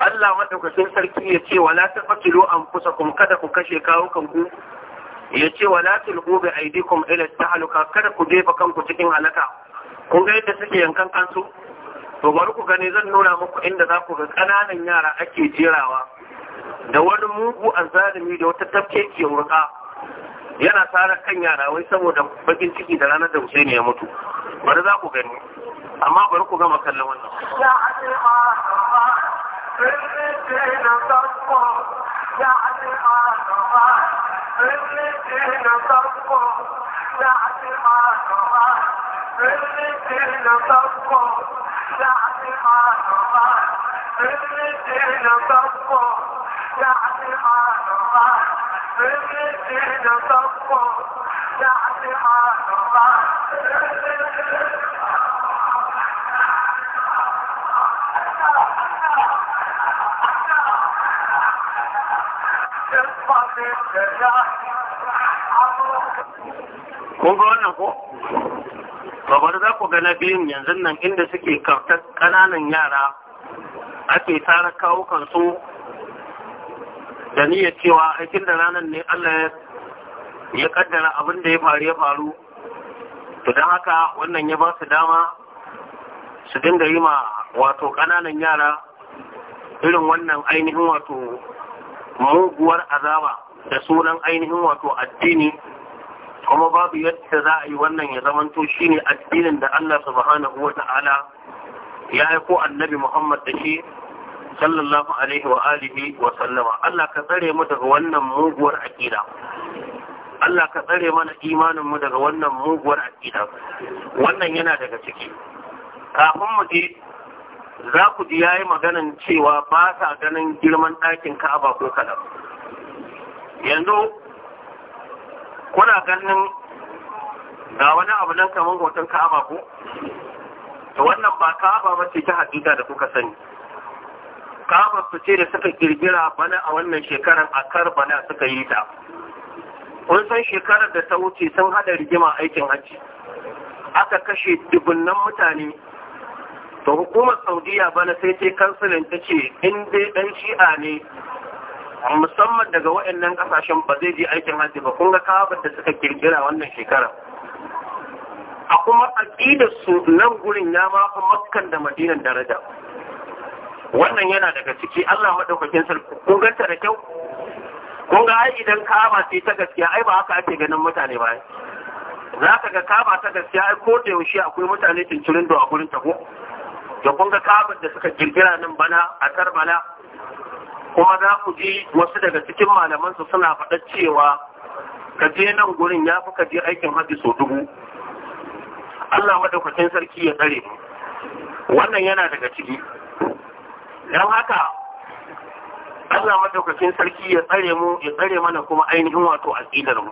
Allah madaukakin sarki ya ce wala kusa, anfusakum kada ku kashe kawukan ku ya ce wala tulqu bi aidikum ila tahluka kada ku jefa kanku cikin halaka kun ga yadda suke yankan kansu to bari ku gani zan nuna muku inda za ku ga kananan yara ake jerawa da wani mugu a zalimi da wata tafke ke wurka yana tsara kan yara wai saboda bakin ciki da ranar da Hussein ya mutu bari za ku gani amma bari ku gama kallon wannan ya kun ga wannan ko babar za ku gana biyun yanzu nan inda suke kartar ƙananan yara ake tara kawo da niyyar cewa aikin da ranar ne Allah ya kaddara abin da ya faru ya faru to don haka wannan ya ba su dama su dinga yi ma wato kananan yara irin wannan ainihin wato muguwar azaba da sunan ainihin wato addini kuma babu yadda za a yi wannan ya zamanto ne addinin da Allah subhanahu wa ta'ala ya aiko annabi Muhammad da shi sallallahu alaihi wa alihi wa sallama Allah ka tsare mu daga wannan muguwar aqida Allah ka tsare mana imanin mu daga wannan muguwar aqida wannan yana daga ciki kafin mu je za ku ji yayi maganan cewa ba sa ganin girman ɗakin Ka'aba ko kadan yanzu kuna ganin ga wani abu nan kamar hoton Ka'aba ko Da wannan ba Ka'aba ba ce ta hakika da kuka sani kaba su ce da suka kirgira bana a wannan shekarar a kar bana suka yi ta kun san shekarar da ta wuce sun hada rigima aikin hajji aka kashe dubunnan mutane to hukumar saudiya bana sai dai kansulin ta ce in dai dan shi'a ne musamman daga waɗannan ƙasashen ba zai je aikin hajji ba kun ga da suka kirgira wannan shekarar a kuma aƙidar su nan gurin ya mafi makkan da madinan daraja wannan yana daga ciki Allah maɗaukakin sarki kun ganta da kyau kun ga ai idan kama sai ta gaskiya ai ba haka ake ganin mutane ba za ka ga kama ta gaskiya ai ko da yaushe akwai mutane cincirin da a gurin ta ko da kun ga kama da suka girgira nan bana a karbala kuma za ku ji wasu daga cikin malaman su suna faɗa cewa ka je nan gurin ya fi ka je aikin haji sau dubu Allah maɗaukakin sarki ya tsare wannan yana daga ciki don haka Allah mataukacin sarki ya tsare mu ya tsare mana kuma ainihin wato a mu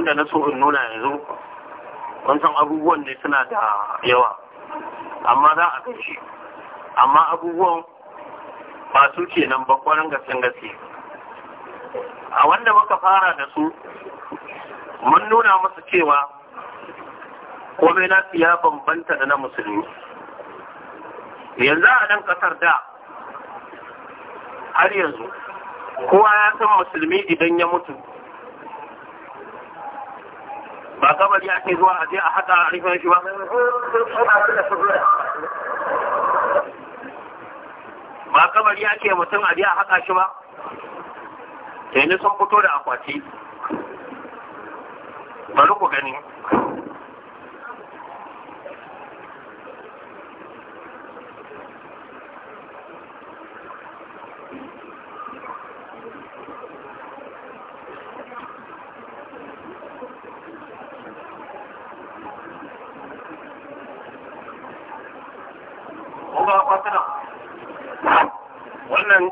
wanda na so in nuna yanzu wancan abubuwan ne suna da yawa amma za a kai amma abubuwan ba su ke nan bakwarin gasin gaske a wanda muka fara da su mun nuna musu cewa komai na ya bambanta da na musulmi yanzu a nan kasar da har yanzu kowa ya san musulmi idan ya mutu ba ya ce zuwa a a haɗa a rikon shi ba ba ya ce mutum a a haɗa shi ba yi nisan fito da akwati ba ku gani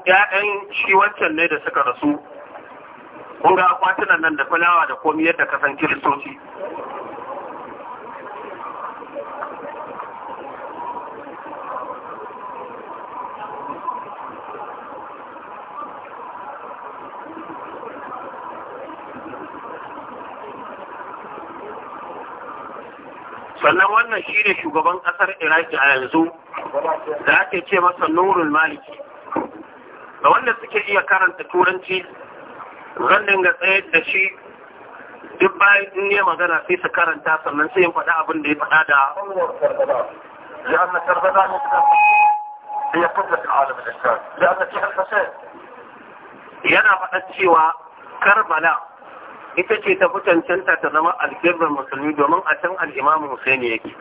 ‘ya'yan shi wancan ne da suka rasu, kun ga akwatunan nan da fulawa da komi yadda kasan kiristoci. sannan wannan shi ne shugaban ƙasar iraki a yanzu da ake ce masa nurul maliki ga wanda suke iya karanta turanci zan dinga tsayar da shi duk bayan in yi magana sai su karanta sannan sai in faɗa abin da ya faɗa da لأن كربلاء هي قبلة عالم الإسلام لأن فيها الفساد yana faɗa cewa karbala ita ce ta fi cancanta ta zama alkirbar musulmi domin a can al'imamu husaini yake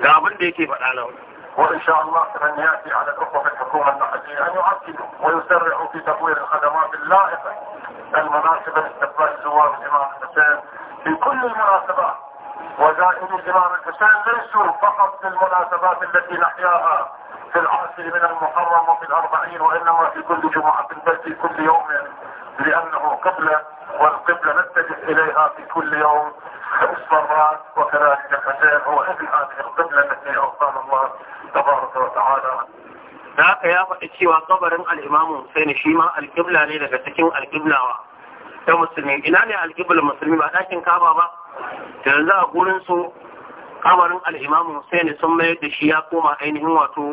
ga abin da yake faɗa na wani وإن شاء الله لن يأتي على الأخوة في الحكومة المحلية أن يعدلوا ويسرعوا في تطوير الخدمات اللائقة المناسبة لاستقبال زوار الإمام الحسين في كل المناسبات وزائر الإمام الحسين ليسوا فقط في المناسبات التي نحياها في العاشر من المحرم وفي الأربعين وإنما في كل جمعة بل في كل يوم لأنه قبلة والقبلة نتجه إليها في كل يوم مرات وكذلك فتاه وابن هذه القبلة التي أوصانا الله تبارك وتعالى da aka ya faɗi cewa kabarin al'imamu Hussein shi ma alƙibla ne daga cikin alƙiblawa ta musulmi ina ne alƙiblar musulmi ba ɗakin kaba ba da yanzu a gurin su kabarin al'imamu Hussein sun mayar da shi ya koma ainihin wato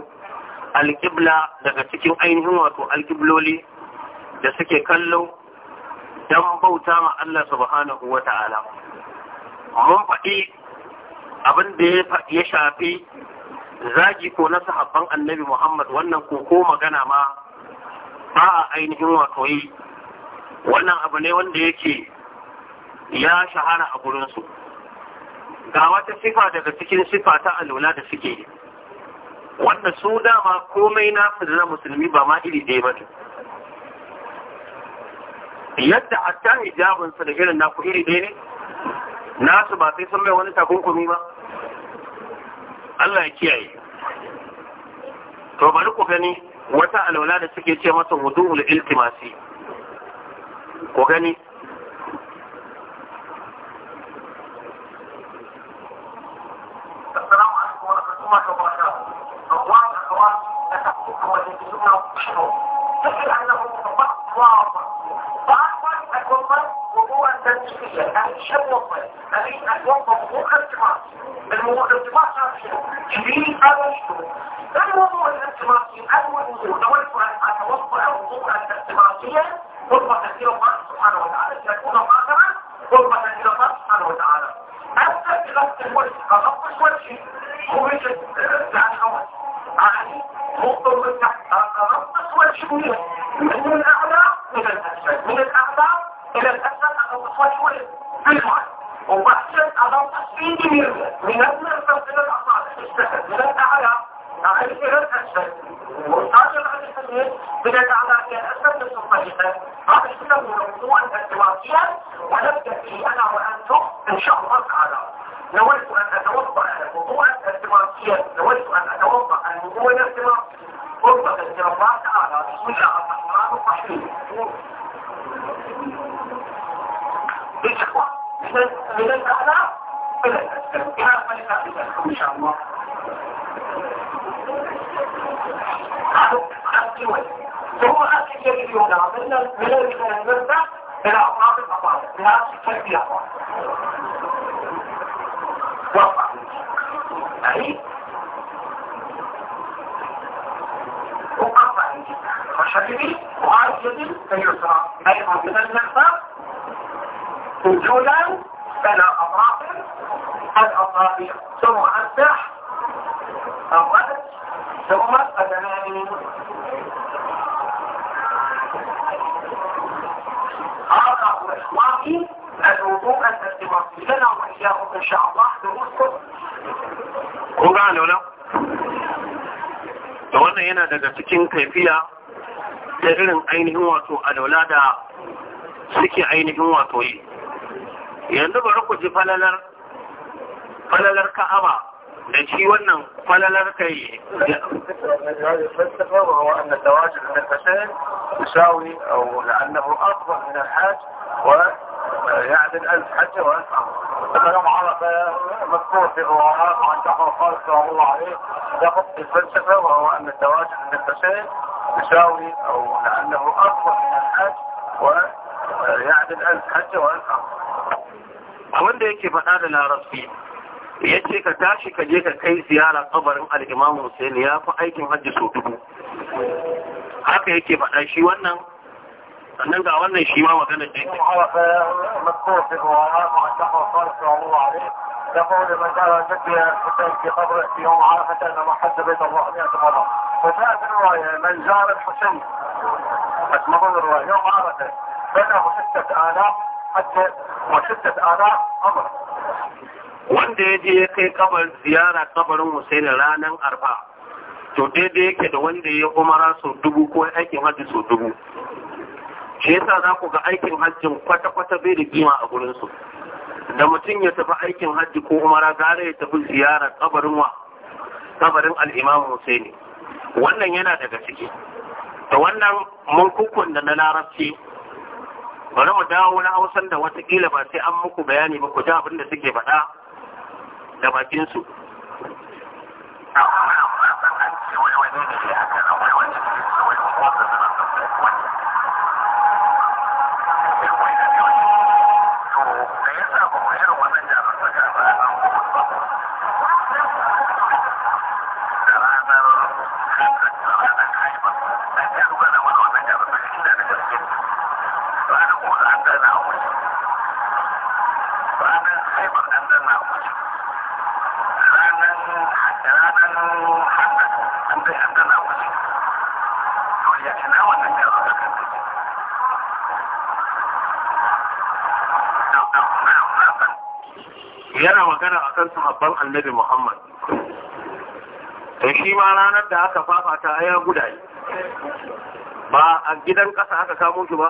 alƙibla daga cikin ainihin wato alƙibloli da suke kallo don bauta ma Allah subhanahu wa ta'ala mun faɗi abin da ya shafi zagi ko na sahabban annabi Muhammad wannan ko ko magana ma ba a ainihin wato yi wannan abu ne wanda yake ya shahara a gurinsu ga wata sifa daga cikin sifa ta alula da suke yi wanda su dama komai na su na musulmi ba ma iri ɗaya ba yadda a ta hijabinsa da irin naku iri ɗaya ne nasu ba sai sun mai wani takunkumi ba Allah ya kiyaye to bari ku gani wata alwala da suke ce masa wudu'ul iltimasi ku gani Thank you. واعظم فاعظم اتوقف وهو التنسيق مفيش اتوقف مفيش اتوقف وموقع التماس الموقع التماس عارفين جديد اوشته الموضوع الالتماسي اول وجود اولكم ان اتوقع الوضوء الالتماسيه قربة الى الله سبحانه وتعالى تكون قادرا قربة الى الله سبحانه وتعالى ابدا بغسل الوجه غسل الوجه هو يعني هو يعني مقدر من تحت غسل وجهه من الأعلى إلى الأسفل من الأعلى إلى الأسفل أو تحول بالمعنى وبحثاً أضم تسفين جميلة من الأسفل إلى الأعلى السفل من الأعلى إلى الأسفل وصاجر عن الحديد من الأعلى إلى الأسفل للسلطة هذا يسمى موضوعا ارتباطيا ونبدأ فيه أنا وأنتم إن شاء الله تعالى نود أن أتوضأ موضوعا ارتباطيا نود أن أتوضأ الموضوع الارتباطي قربة الله تعالى بسم الله الرحمن الرحيم ეს ყველა ეს ყველა الولادة سكي عيني مواطوي يندب عقود فللر فللر كأبا نجي ونن فللر كي الفلسفة وهو أن التواجد من الفشل يساوي أو لأنه أفضل من الحاج يعني الألف حجة وأسعى فيوم عرفة مذكور في الروايات عن جعفر الخالق رحمه الله عليه يقف في الفلسفة وهو أن التواجد من الفشيء يساوي أو لأنه أفضل من الحج ويعني الالف حجة وأسعى wanda yake faɗa da larabci ya ce ka tashi ka je ka kai ziyara kabarin al'imamu Hussein ya fi aikin hajji sau dubu haka yake faɗa shi wannan sannan ga wannan shi ma magana da yake يقول من كان زكي الحسين في قبره في يوم عرفة انما حج بيت الله 100 مرة وجاء في الرواية من زار الحسين اسمه الرواية يوم عرفة بناه ستة آلاف حج وستة آلاف أمر wanda ya je ya kai kabar ziyara kabarin Hussein ranar arfa to daidai yake da wanda ya umara sau dubu ko aikin hajji sau dubu shi yasa za ku ga aikin hajjin kwata-kwata bai da kima a gurinsu da mutum ya tafi aikin hajji ko umara gare ya tafi ziyara kabarin wa kabarin al'imamu Husaini wannan yana daga ciki da wannan mun kukun da na larabci bari mu dawo na hausan da watakila ba sai an muku bayani ba ku ji abin da suke faɗa da bakinsu danna ranar haifar ranar ranar to ya ina wannan da yana magana a kan sahabban annabi Muhammad. To shi ma ranar da aka fafata a ya gudaye, ba a gidan ƙasa aka kamo shi ba,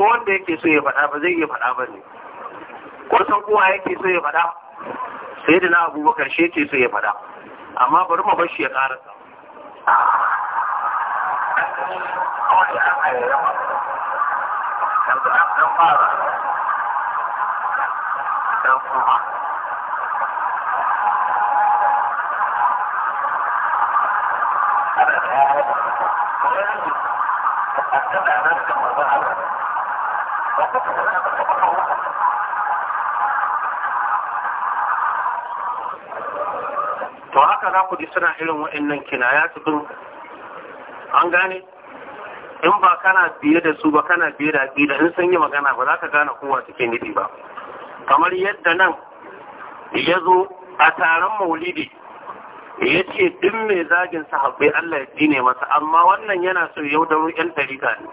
Ko wanda yake so ya faɗa ba zai iya faɗa ba ne ko san kowa yake so ya faɗa sai da na abubakar shi yake so ya faɗa amma bari mu bashi ya ƙarasa Thank you. to haka za ku ji suna irin wa'annan kinaya cikin an gane in ba kana biye da su ba kana biye da da in sun yi magana ba za ka gane kowa suke nidi ba kamar yadda nan ya zo a taron maulidi ya ce duk mai zagin sahabbai Allah ya ne masa amma wannan yana so yau da yan tarika ne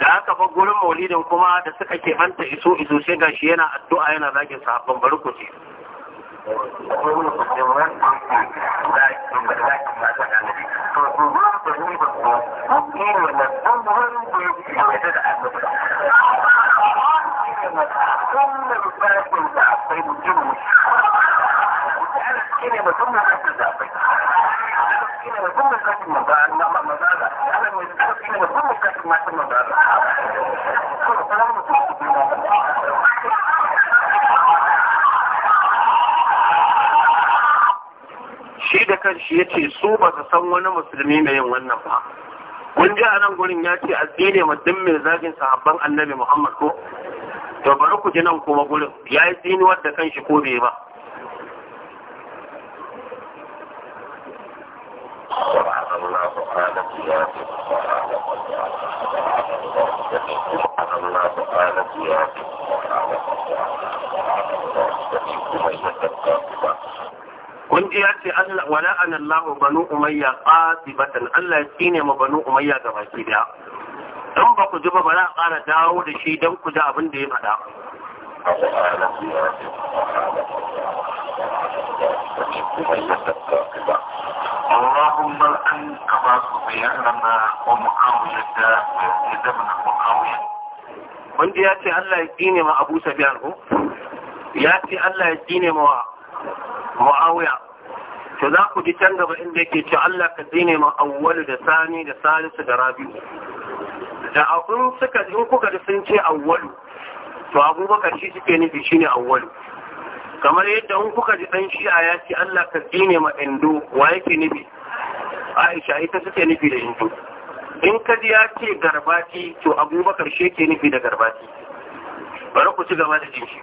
da aka fa gurin maulidin kuma da suka ke banta iso iso sai gashi yana addu'a yana zagin sahabban bari ku ce ne mutum na kasar da akwai ne mutum na kasar da akwai shi da kanshi ya ce su ba su san wani musulmi mai yin wannan ba kun ji a nan gurin ya ce addini mutum mai zagin sahabban annabi muhammad ko to bari ku ji nan kuma gurin ya yi tsinuwar da kanshi ko bai ba الله بنو أمية قاتبة الله يسكيني ما بنو أمية كما كده إن بقوا جبا بلا قال داود شي دم كدا أبن دي مدا اللهم أنت فاسبيا لنا ومعاوية لدمنا معاوية wanda ya ce Allah ya tsine ma Abu Sufyan ko ya ce Allah ya tsine ma Muawiya to za ku ji can gaba inda yake ce Allah ka zine ma awwalu da sani da salisu da rabi'u da abun suka in kuka da sun ce awwalu to abubakar shi suke nufi shine awwalu kamar yadda in kuka ji dan shi'a ya ce Allah ka zine ma indo wa yake nufi Aisha ita suke nufi da indo in ka ji ya ce garbati to abubakar shi yake nufi da garbati bari ku ci gaba da jin shi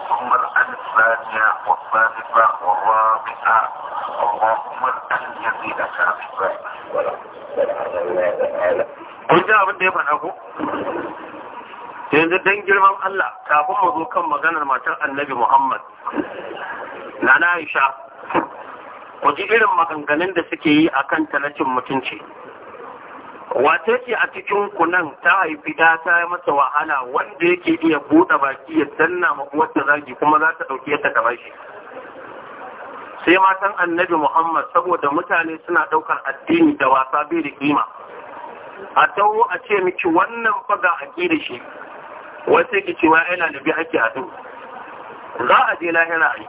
اللهم الألف الثانية والثالثة والرابعة اللهم الألف يزيد خامسة ولا ولا kun ji abin da ya faɗa ku? yanzu don girman Allah kafin mu zo kan maganar matar annabi Muhammad na na Aisha ku ji irin maganganun da suke yi a akan talacin mutunci wace ce a cikin kunan ta haifi ta ta masa wahala wanda yake iya buɗe baki ya danna wata zagi kuma za ta ɗauke ta shi sai matan annabi muhammad saboda mutane suna ɗaukar addini da wasa bai da kima a taho a ce miki wannan faga a da shi wasu yake cewa yana da bi ake haɗu za a je lahira ai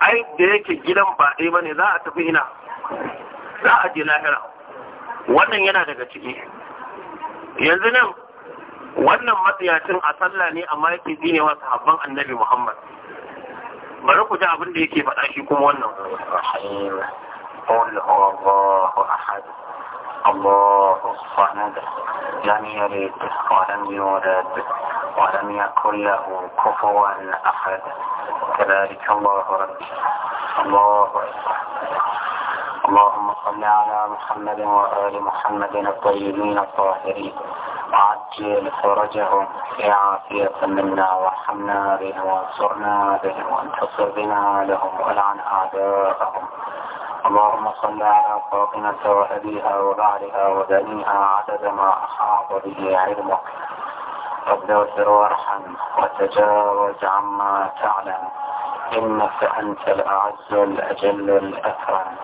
ai da yake gidan ba ɗaya ne za a tafi ina za a je lahira wannan yana daga ciki yanzu nan wannan matsayacin a sallah ne amma yake zine zinewa sahabban annabi muhammad bari ku ji abin da yake faɗa shi kuma wannan قل الله الصمد لم يلد ولم يولد ولم يكن له كفوا أحد كذلك الله ربي الله أكبر اللهم صل على محمد وآل محمد الطيبين الطاهرين وعجل فرجهم في عافية منا وارحمنا بهم وانصرنا بهم وانتصر بنا لهم والعن أعداءهم اللهم صل على فاطمة وأبيها وبعلها وبنيها عدد ما أحاط به علمك رب اغفر وارحم وتجاوز عما تعلم إنك أنت الأعز الأجل الأكرم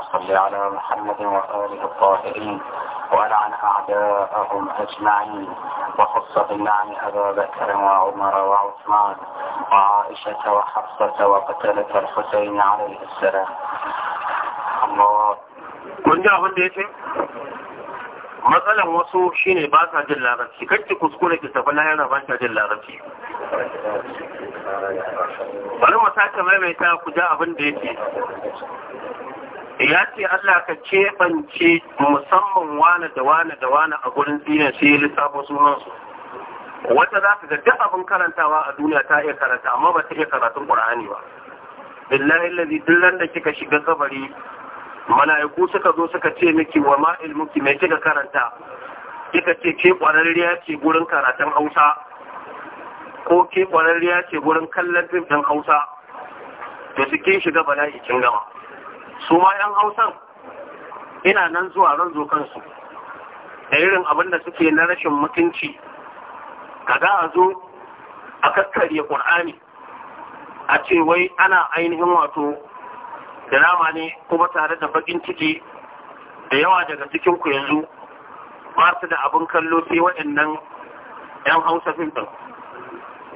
فصل على محمد وآله الطاهرين وألعن أعداءهم أجمعين وخص بالنعم أبا بكر وعمر وعثمان وعائشة وحفصة وقتلة الحسين عليه السلام الله من جاء هنديتي مثلا وصو شيني باسا جل لارتي كنت كسكولي كتفلا يانا باسا جل لارتي بل مساكا ما بيتا كجاء هنديتي ya ce Allah ka keɓance musamman wane da wane da wane a gurin tsinin sai ya sunansu wata za ka ga duk abin karantawa a duniya ta iya karanta amma ba ta iya karatun ƙur'ani ba billahi lazi duk da kika shiga kabari mala'iku suka zo suka ce miki wa ma ilmuki mai kika karanta kika ce ke ƙwararriya ce gurin karatun hausa ko ke ƙwararriya ce gurin kallon fim ɗin hausa to su shiga bala'i kin gama su ma 'yan hausan ina nan zuwa ran kansu da irin abin da suke na rashin mutunci za a zo a kakkarye ƙur'ani a ce wai ana ainihin wato drama ne kuma tare da bakin ciki da yawa daga cikinku yanzu ba su da abin kallo sai waɗannan 'yan hausa fim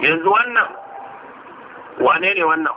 yanzu wannan wane ne wannan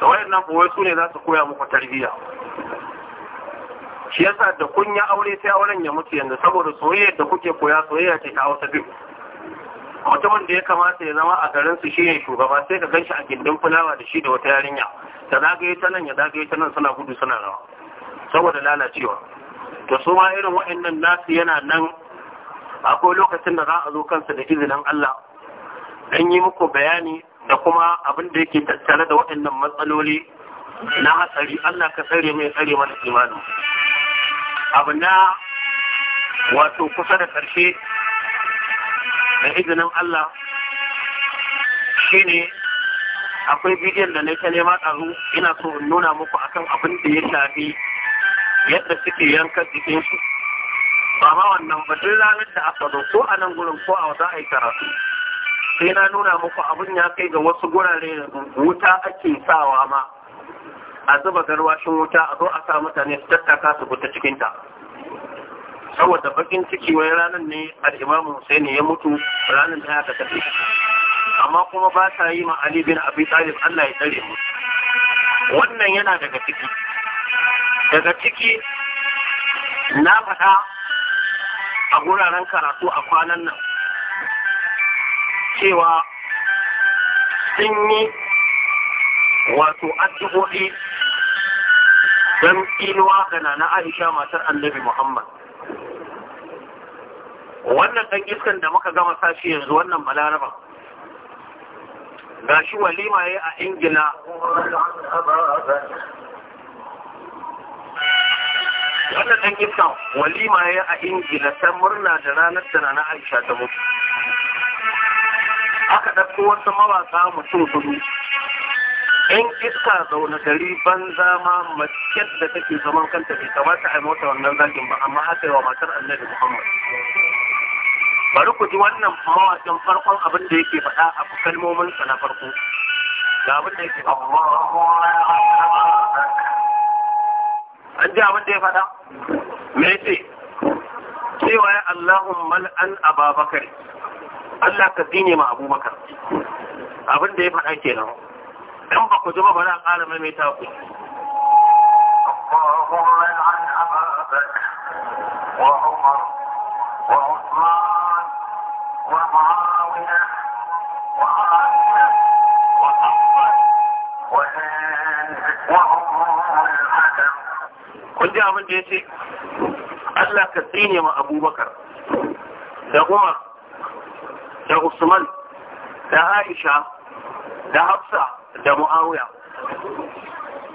da nan kuwa su ne za su koya muku tarbiyya shi yasa da kun ya aure sai auren ya mutu yanzu saboda soyayya da kuke koya soyayya ce ta hausa biyu mutumin da ya kamata ya zama a garin su shine shugaba sai ka ganshi a gindin fulawa da shi da wata yarinya ta zagaye ta nan ya zagaye ta nan suna gudu suna rawa saboda lalacewa to su ma irin wa'annan nasu yana nan akwai lokacin da za a zo kansa da izinin Allah An yi muku bayani da kuma abin da yake tattare da waɗannan matsaloli na hatsari Allah ka tsare mai tsare mana imanin abu na wato kusa da ƙarshe da izinin Allah shine akwai bidiyon da na ke nema ƙaru ina so in nuna muku akan abin da ya shafi yadda suke yanka jikinsu ba ma wannan ba duk ranar da aka zo ko a nan gurin ko a za a yi karatu sai na nuna muku abin ya kai ga wasu gurare wuta ake sawa ma a zuba garwashin wuta a zo a sa mutane su tattaka su fita cikinta saboda bakin ciki wai ranar ne al'imamu ne ya mutu ranar ta aka tafi amma kuma ba ta yi ma Ali bin Abi Talib Allah ya tsare mu wannan yana daga ciki daga ciki na faɗa a guraren karatu a kwanan nan cewa sun yi wato addu'o'i don inuwa ga na Aisha matar annabi Muhammad. Wannan ɗan iskan da muka gama sashi yanzu wannan balaraba. Ga shi walima ya a Ingila. Wannan ɗan iskan walima ya a Ingila ta murna da ranar da na Aisha ta mutu. aka ɗauko wasu mawasa mutum hudu yan iska zaune gari banza ma maciyar da take zaman kanta bai kamata a yi mota wannan zagin ba amma haka yawa matar annabi muhammad bari ku ji wannan mawaƙin farkon abin da yake faɗa a sa na farko ga abin da yake an ji abin da ya faɗa me ce cewa ya Allahun mal'an ababakar Allah ka zine ma abubakar abin da ya faɗa nan ɗan ba ku ji ba ba za a ƙara maimaita ku kun ji abin da ya ce Allah ka tsine ma abubakar da kuma da Usman da Aisha da Hafsa da Muawiya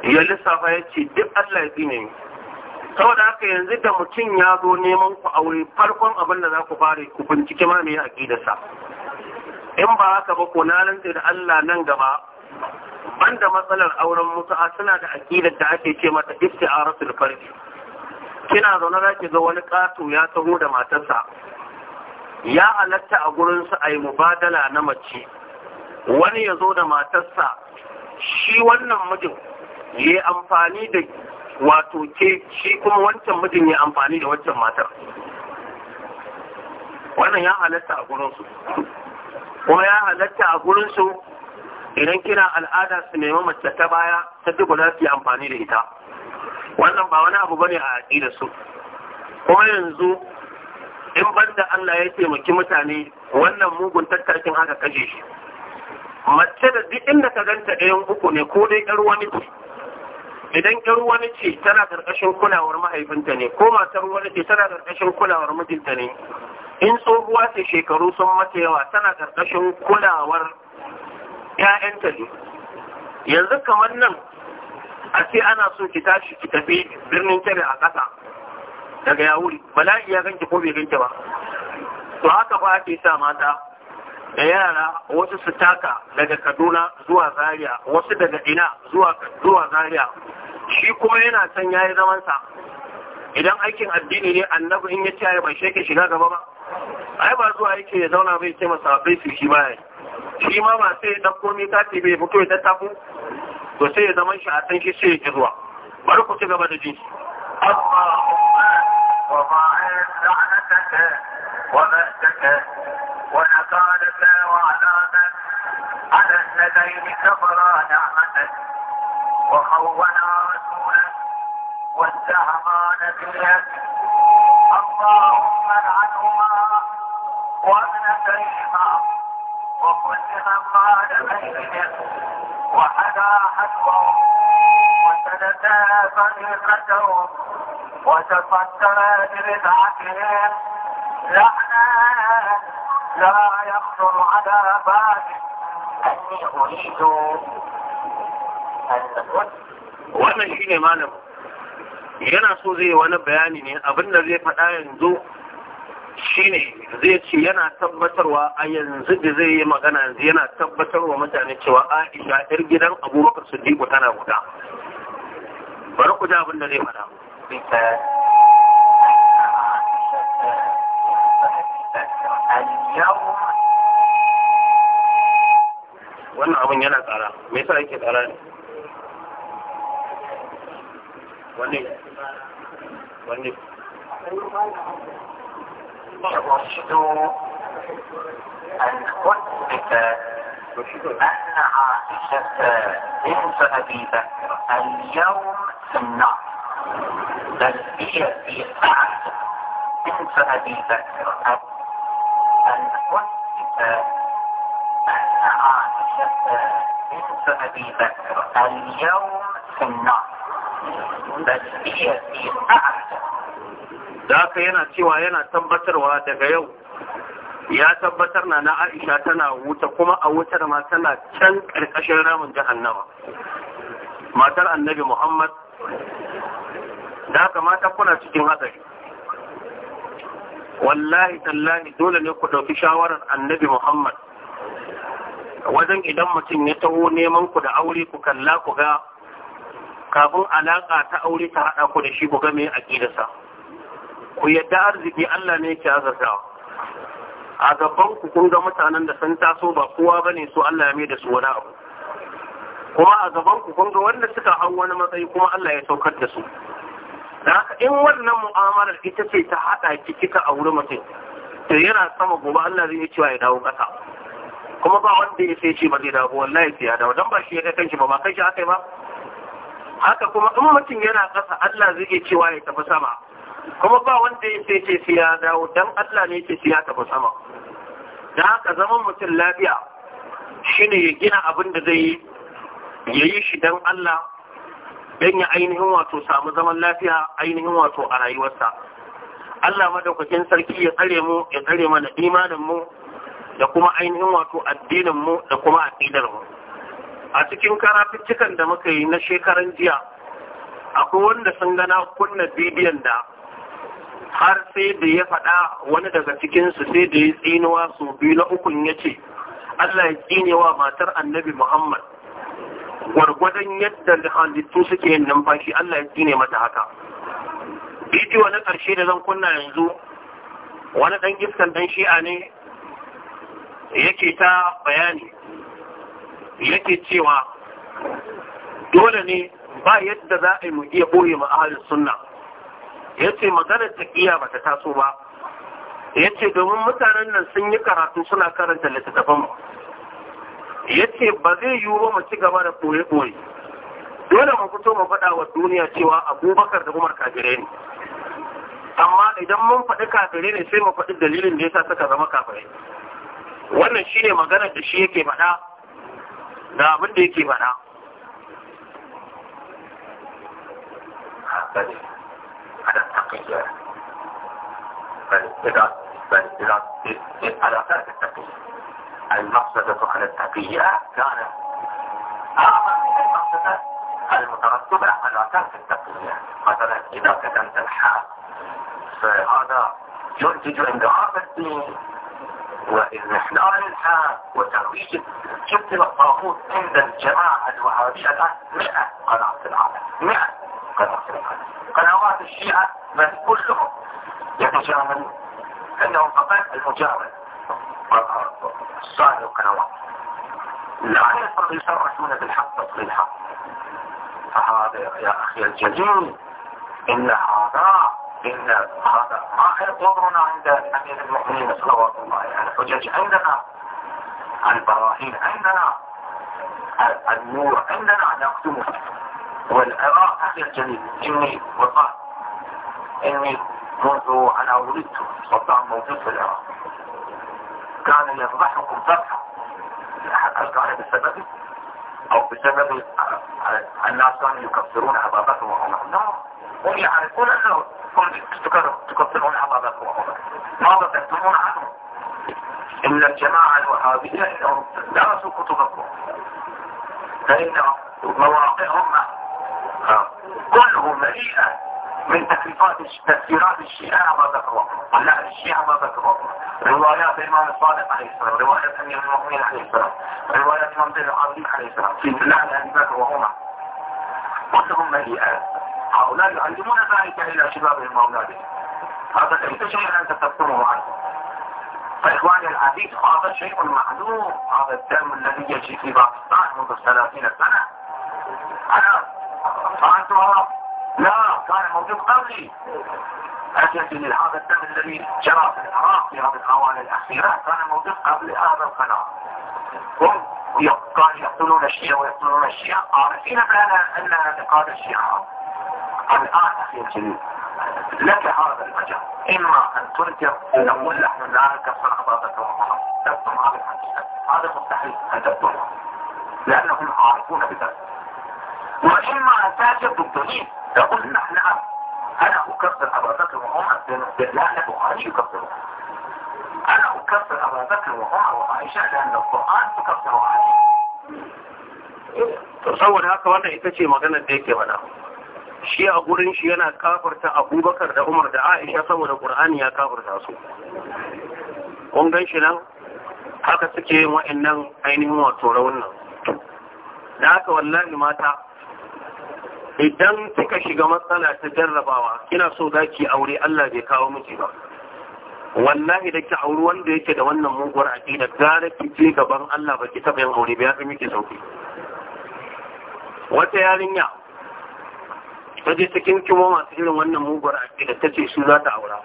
ya lissafa ya ce duk Allah ya tsine ni saboda haka yanzu da mutum ya zo neman ku aure farkon abin da za ku fara ku bincike ma me aqidarsa in ba haka ba ko na da Allah nan gaba banda matsalar auren mutu'a suna da aqidar da ake ce mata isti'aratul farji kina zaune za ki ga wani kato ya taho da matarsa ya halatta a gurinsu a yi mubadala na mace wani ya zo da matarsa shi wannan mijin ya yi amfani da wato ke shi kuma wancan mijin ya amfani da wancan matar wannan ya halatta a gurinsu kuma ya halatta a gurinsu idan kina al'ada su nemi mace ta baya ta duk da su yi amfani da ita wannan ba wani abu bane a da su kuma yanzu in banda Allah ya taimaki mutane wannan mugun tattakin haka kashe shi mace da duk inda ka ganta ɗayan uku ne ko dai ƴar wani ce idan ƴar wani ce tana ƙarƙashin kulawar mahaifinta ne ko matar wani ce tana ƙarƙashin kulawar mijinta ne in tsohuwa ce shekaru sun mata yawa tana ƙarƙashin kulawar ƴaƴanta ne yanzu kamar nan a ce ana so ki tashi ki tafi birnin kebe a ƙasa daga ya wuri bala'i ya ganke ko bai ganke ba to haka fa ake sa mata da yara wasu su taka daga kaduna zuwa zaria wasu daga ina zuwa zuwa zaria shi kuma yana son yayi zaman sa idan aikin addini ne annabi in ya ce ba sheke shiga gaba ba ai ba zuwa yake ya zauna bai ce masa bai su shi ba shi ma ba sai dan komai ta ce bai fito ya tattafu to sai ya zaman shi a san shi sai ya zuwa bari ku ci gaba da jinsi. shi وضاعت لعنتك وبأسك ونكالك وعلامك على الذين كفرا نعمتك وخونا رسولك واتهما نبيك اللهم العنهما وابنتيهما وكل من قال بينهم وحدا حسبهم وسلكا طريقتهم وتفكر ببدعتهم لعنا لا يخطر على بالي اني اريد أن أكون wannan shine malam yana so zai wani bayani ne abinda zai faɗa yanzu shine zai ce yana tabbatarwa a yanzu da zai yi magana yanzu yana tabbatarwa mutane cewa Aisha yar gidan Abubakar Siddiq tana guda bari ku ji abin da zai faɗa ربك wannan abin yana tsara me yasa yake tsara ne wanne wanne أرشد أن أثبت أن عائشة بنت أبي بكر اليوم في النار بل هي في ساعة انس ابي بكر ان وقت ان عائشة انس ابي بكر اليوم في النار بل هي في ساعة ذاك yana cewa yana tabbatarwa daga yau ya tabbatar na na Aisha tana wuta kuma a wutar ma tana can ƙarƙashin ramin jahannama matar annabi Muhammad da haka mata kuna cikin hatsari wallahi tallahi dole ne ku ɗauki shawarar annabi muhammad wajen idan mutum ya taho neman ku da aure ku kalla ku ga kafin alaƙa ta aure ta haɗa ku da shi ku ga mai aƙidarsa ku yadda arziki allah ne ke azarta. a gaban ku kun ga mutanen da sun taso ba kowa ba ne su allah ya mai da su wani abu kuma a gaban ku kun ga wanda suka hau wani matsayi kuma allah ya saukar da su da haka in wannan mu'amalar ita ce ta haɗa ki kika a wurin mutum to yana sama gobe Allah zai cewa ya dawo ƙasa kuma ba wanda ya sai ce ba zai dawo wallahi sai ya dawo dan ba shi ya kai kanshi ba ba kai shi aka yi ba haka kuma in mutum yana ƙasa Allah zai cewa ya tafi sama kuma ba wanda ya sai ce sai ya dawo dan Allah ne ke ya tafi sama da haka zaman mutum lafiya shine ya gina abin da zai yi ya yi shi dan Allah don ya ainihin wato samu zaman lafiya ainihin wato a rayuwarsa Allah madaukakin sarki ya tsare mu ya tsare mana imanin mu da kuma ainihin wato addinin mu da kuma aqidar a cikin karatuttukan da muka yi na shekaran jiya akwai wanda sun gana kunna bibiyan da har sai da ya faɗa wani daga cikinsu sai da ya tsinuwa su biyu na ukun ya ce Allah ya tsinewa matar annabi Muhammad gwargwadon yadda halittu suke yin numfashi Allah ya tsine mata haka bidiyo na ƙarshe da zan kunna yanzu wani ɗan iskan ɗan shi'a ne yake ta bayani yake cewa dole ne ba yadda za a yi mu iya ɓoye ma ahalin sunna ya ce maganar ta ƙiya ba ta taso ba ya ce domin mutanen nan sun yi karatu suna karanta littattafanmu ya ce ba zai yiwu ba mu ci gaba da ɓoye-ɓoye dole mu fito mu faɗa wa duniya cewa abubakar da umar kafirai ne amma idan mun faɗi kafirai ne sai mu faɗi dalilin da yasa suka zama kafirai wannan shine maganar da shi yake faɗa da abin da yake faɗa على المقصدة على التقية آه، كان أعظم آه، من المقصدة المترتبة على ترك التقية مثلا إذا كتمت الحال فهذا ينتج انضعاف الدين وإزحلال الحال وترويج شفت الطاغوت عند الجماعة الوهابية الآن 100 قناة في العالم 100 قناة في العالم قنوات الشيعة من كلهم يتجاملون عندهم فقط المجامل صاحب القنوات لا يصل يصرحون بالحق بالحق فهذا يا أخي الجليل إن هذا إن هذا ما هي قدرنا عند أمير المؤمنين صلوات الله عليه يعني الحجج عندنا البراهين عندنا النور عندنا نقدمه والعراق أخي الجليل إني وقال إني منذ أنا ولدت صدام موجود في العراق جعل يفضحكم فتحا هل كان بسببه او بسبب الناس كانوا يكفرون ابا بكر لا هم يعرفون انهم تكفرون ابا بكر وعمر ما بكرتمون عنهم ان الجماعه الوهابيه انهم درسوا كتبكم فان مواقعهم آه، كله مليئه من تكليفات تفسيرات الشيعة ما ذكروا لا الشيعة ما ذكروا روايات الإمام الصادق عليه السلام روايات أمير المؤمنين عليه السلام روايات إمام بن العظيم عليه السلام في بلاد أبي بكر وعمر كلهم مليئات هؤلاء يعلمون ذلك إلى شبابهم وأولادهم هذا ليس شيئا تتذكره عنه فإخواني العزيز هذا شيء معلوم هذا الدم الذي يجري في باكستان منذ 30 سنة أنا فأنتم لا كان موجود قبلي أجل من هذا الدم الذي جرى في العراق في هذه الأوان الأخيرة كان موجود قبل هذا القناة هم كانوا يقتلون الشيعة ويقتلون الشيعة عارفين بأن أن اعتقاد الشيعة الآن أخي الجليل لك هذا المجال إما أن تنكر نقول نحن لا نكفر أخطاءك وخلاص تكتم هذا الحقيقة هذا مستحيل أن تكتمه لأنهم عارفون بذلك وإما تاتي بالدليل تقول نحن أنا أكفر أبا بكر وعمر البخاري أنا أكفر أبا بكر وعمر وعائشة لأن القرآن عليه haka wannan ita ce maganar da yake mana shi a gurin shi yana kafarta abubakar da umar da aisha saboda ƙur'ani ya kafarta su kun gan shi nan haka suke yin wa'annan ainihin wato raunin da haka wallahi mata idan kika shiga matsala ta jarrabawa kina so za ki aure Allah bai kawo miki ba wallahi da ki auri wanda yake da wannan muguwar aqida gara ki je gaban Allah ba ki taba yin aure ba ya fi miki sauki wata yarinya ta je cikin kimo masu irin wannan muguwar aqida ta ce su za ta aura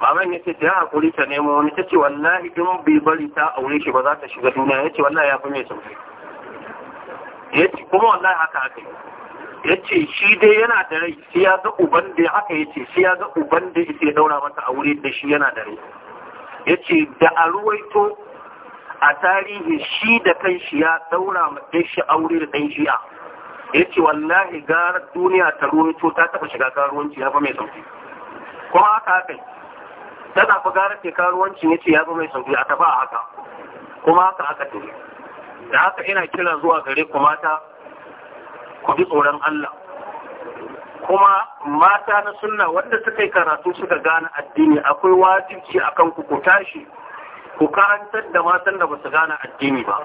baban ya ce ta hakuri ta nemo wani ta ce wallahi don bai bari ta aure shi ba za ta shiga duniya ya ce wallahi ya fi mai sauki yace kuma wallahi haka haka yace shi dai yana da rai shi ya ga uban da haka yace shi ya ga uban da yake daura mata aure da shi yana da rai yace da a ruwaito a tarihi shi da kanshi ya daura ma shi aure da dan Ya yace wallahi gara duniya ta ruwaito ta taba shiga karuwanci ya fa mai sauki kuma haka haka tana fa gara ke karuwanci yace ya fa mai sauki a tafa a haka kuma haka haka da haka ina kira zuwa gare ku mata ku bi tsoron Allah kuma mata na sunna wanda suka yi karatu suka gane addini akwai wajibci akan ku ku tashi ku karantar da matan da ba su gane addini ba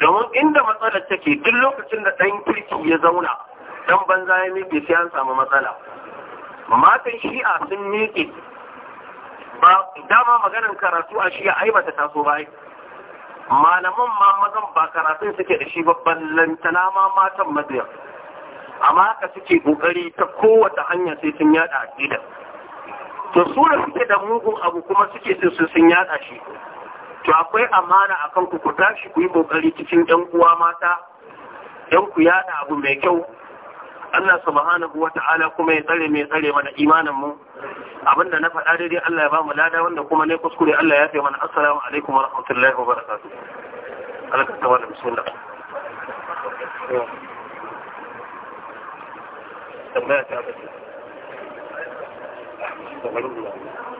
domin inda matsalar take duk lokacin da ɗan kirki ya zauna dan banza ya miƙe sai an samu matsala matan shi'a sun miƙe ba dama maganar karatu a shi'a ai ba ta taso ba malaman ma mazan ba karatun suke da shi babban lantana ma matan mabiyan. amma haka suke kokari ta kowace hanya sai sun yada aqida to su da suke da mugun abu kuma suke sun sun yada shi to akwai amana akan ku ku tashi ku yi kokari cikin yan uwa mata Yanku ku yada abu mai kyau Allah subhanahu wata'ala kuma ya tsare mai tsare mana imanin mu abinda na faɗa daidai Allah ya ba mu lada wanda kuma ne kuskure Allah ya fi mana assalamu alaikum wa rahmatullahi wa barakatuh alaka tawalla bismillah tambaya ta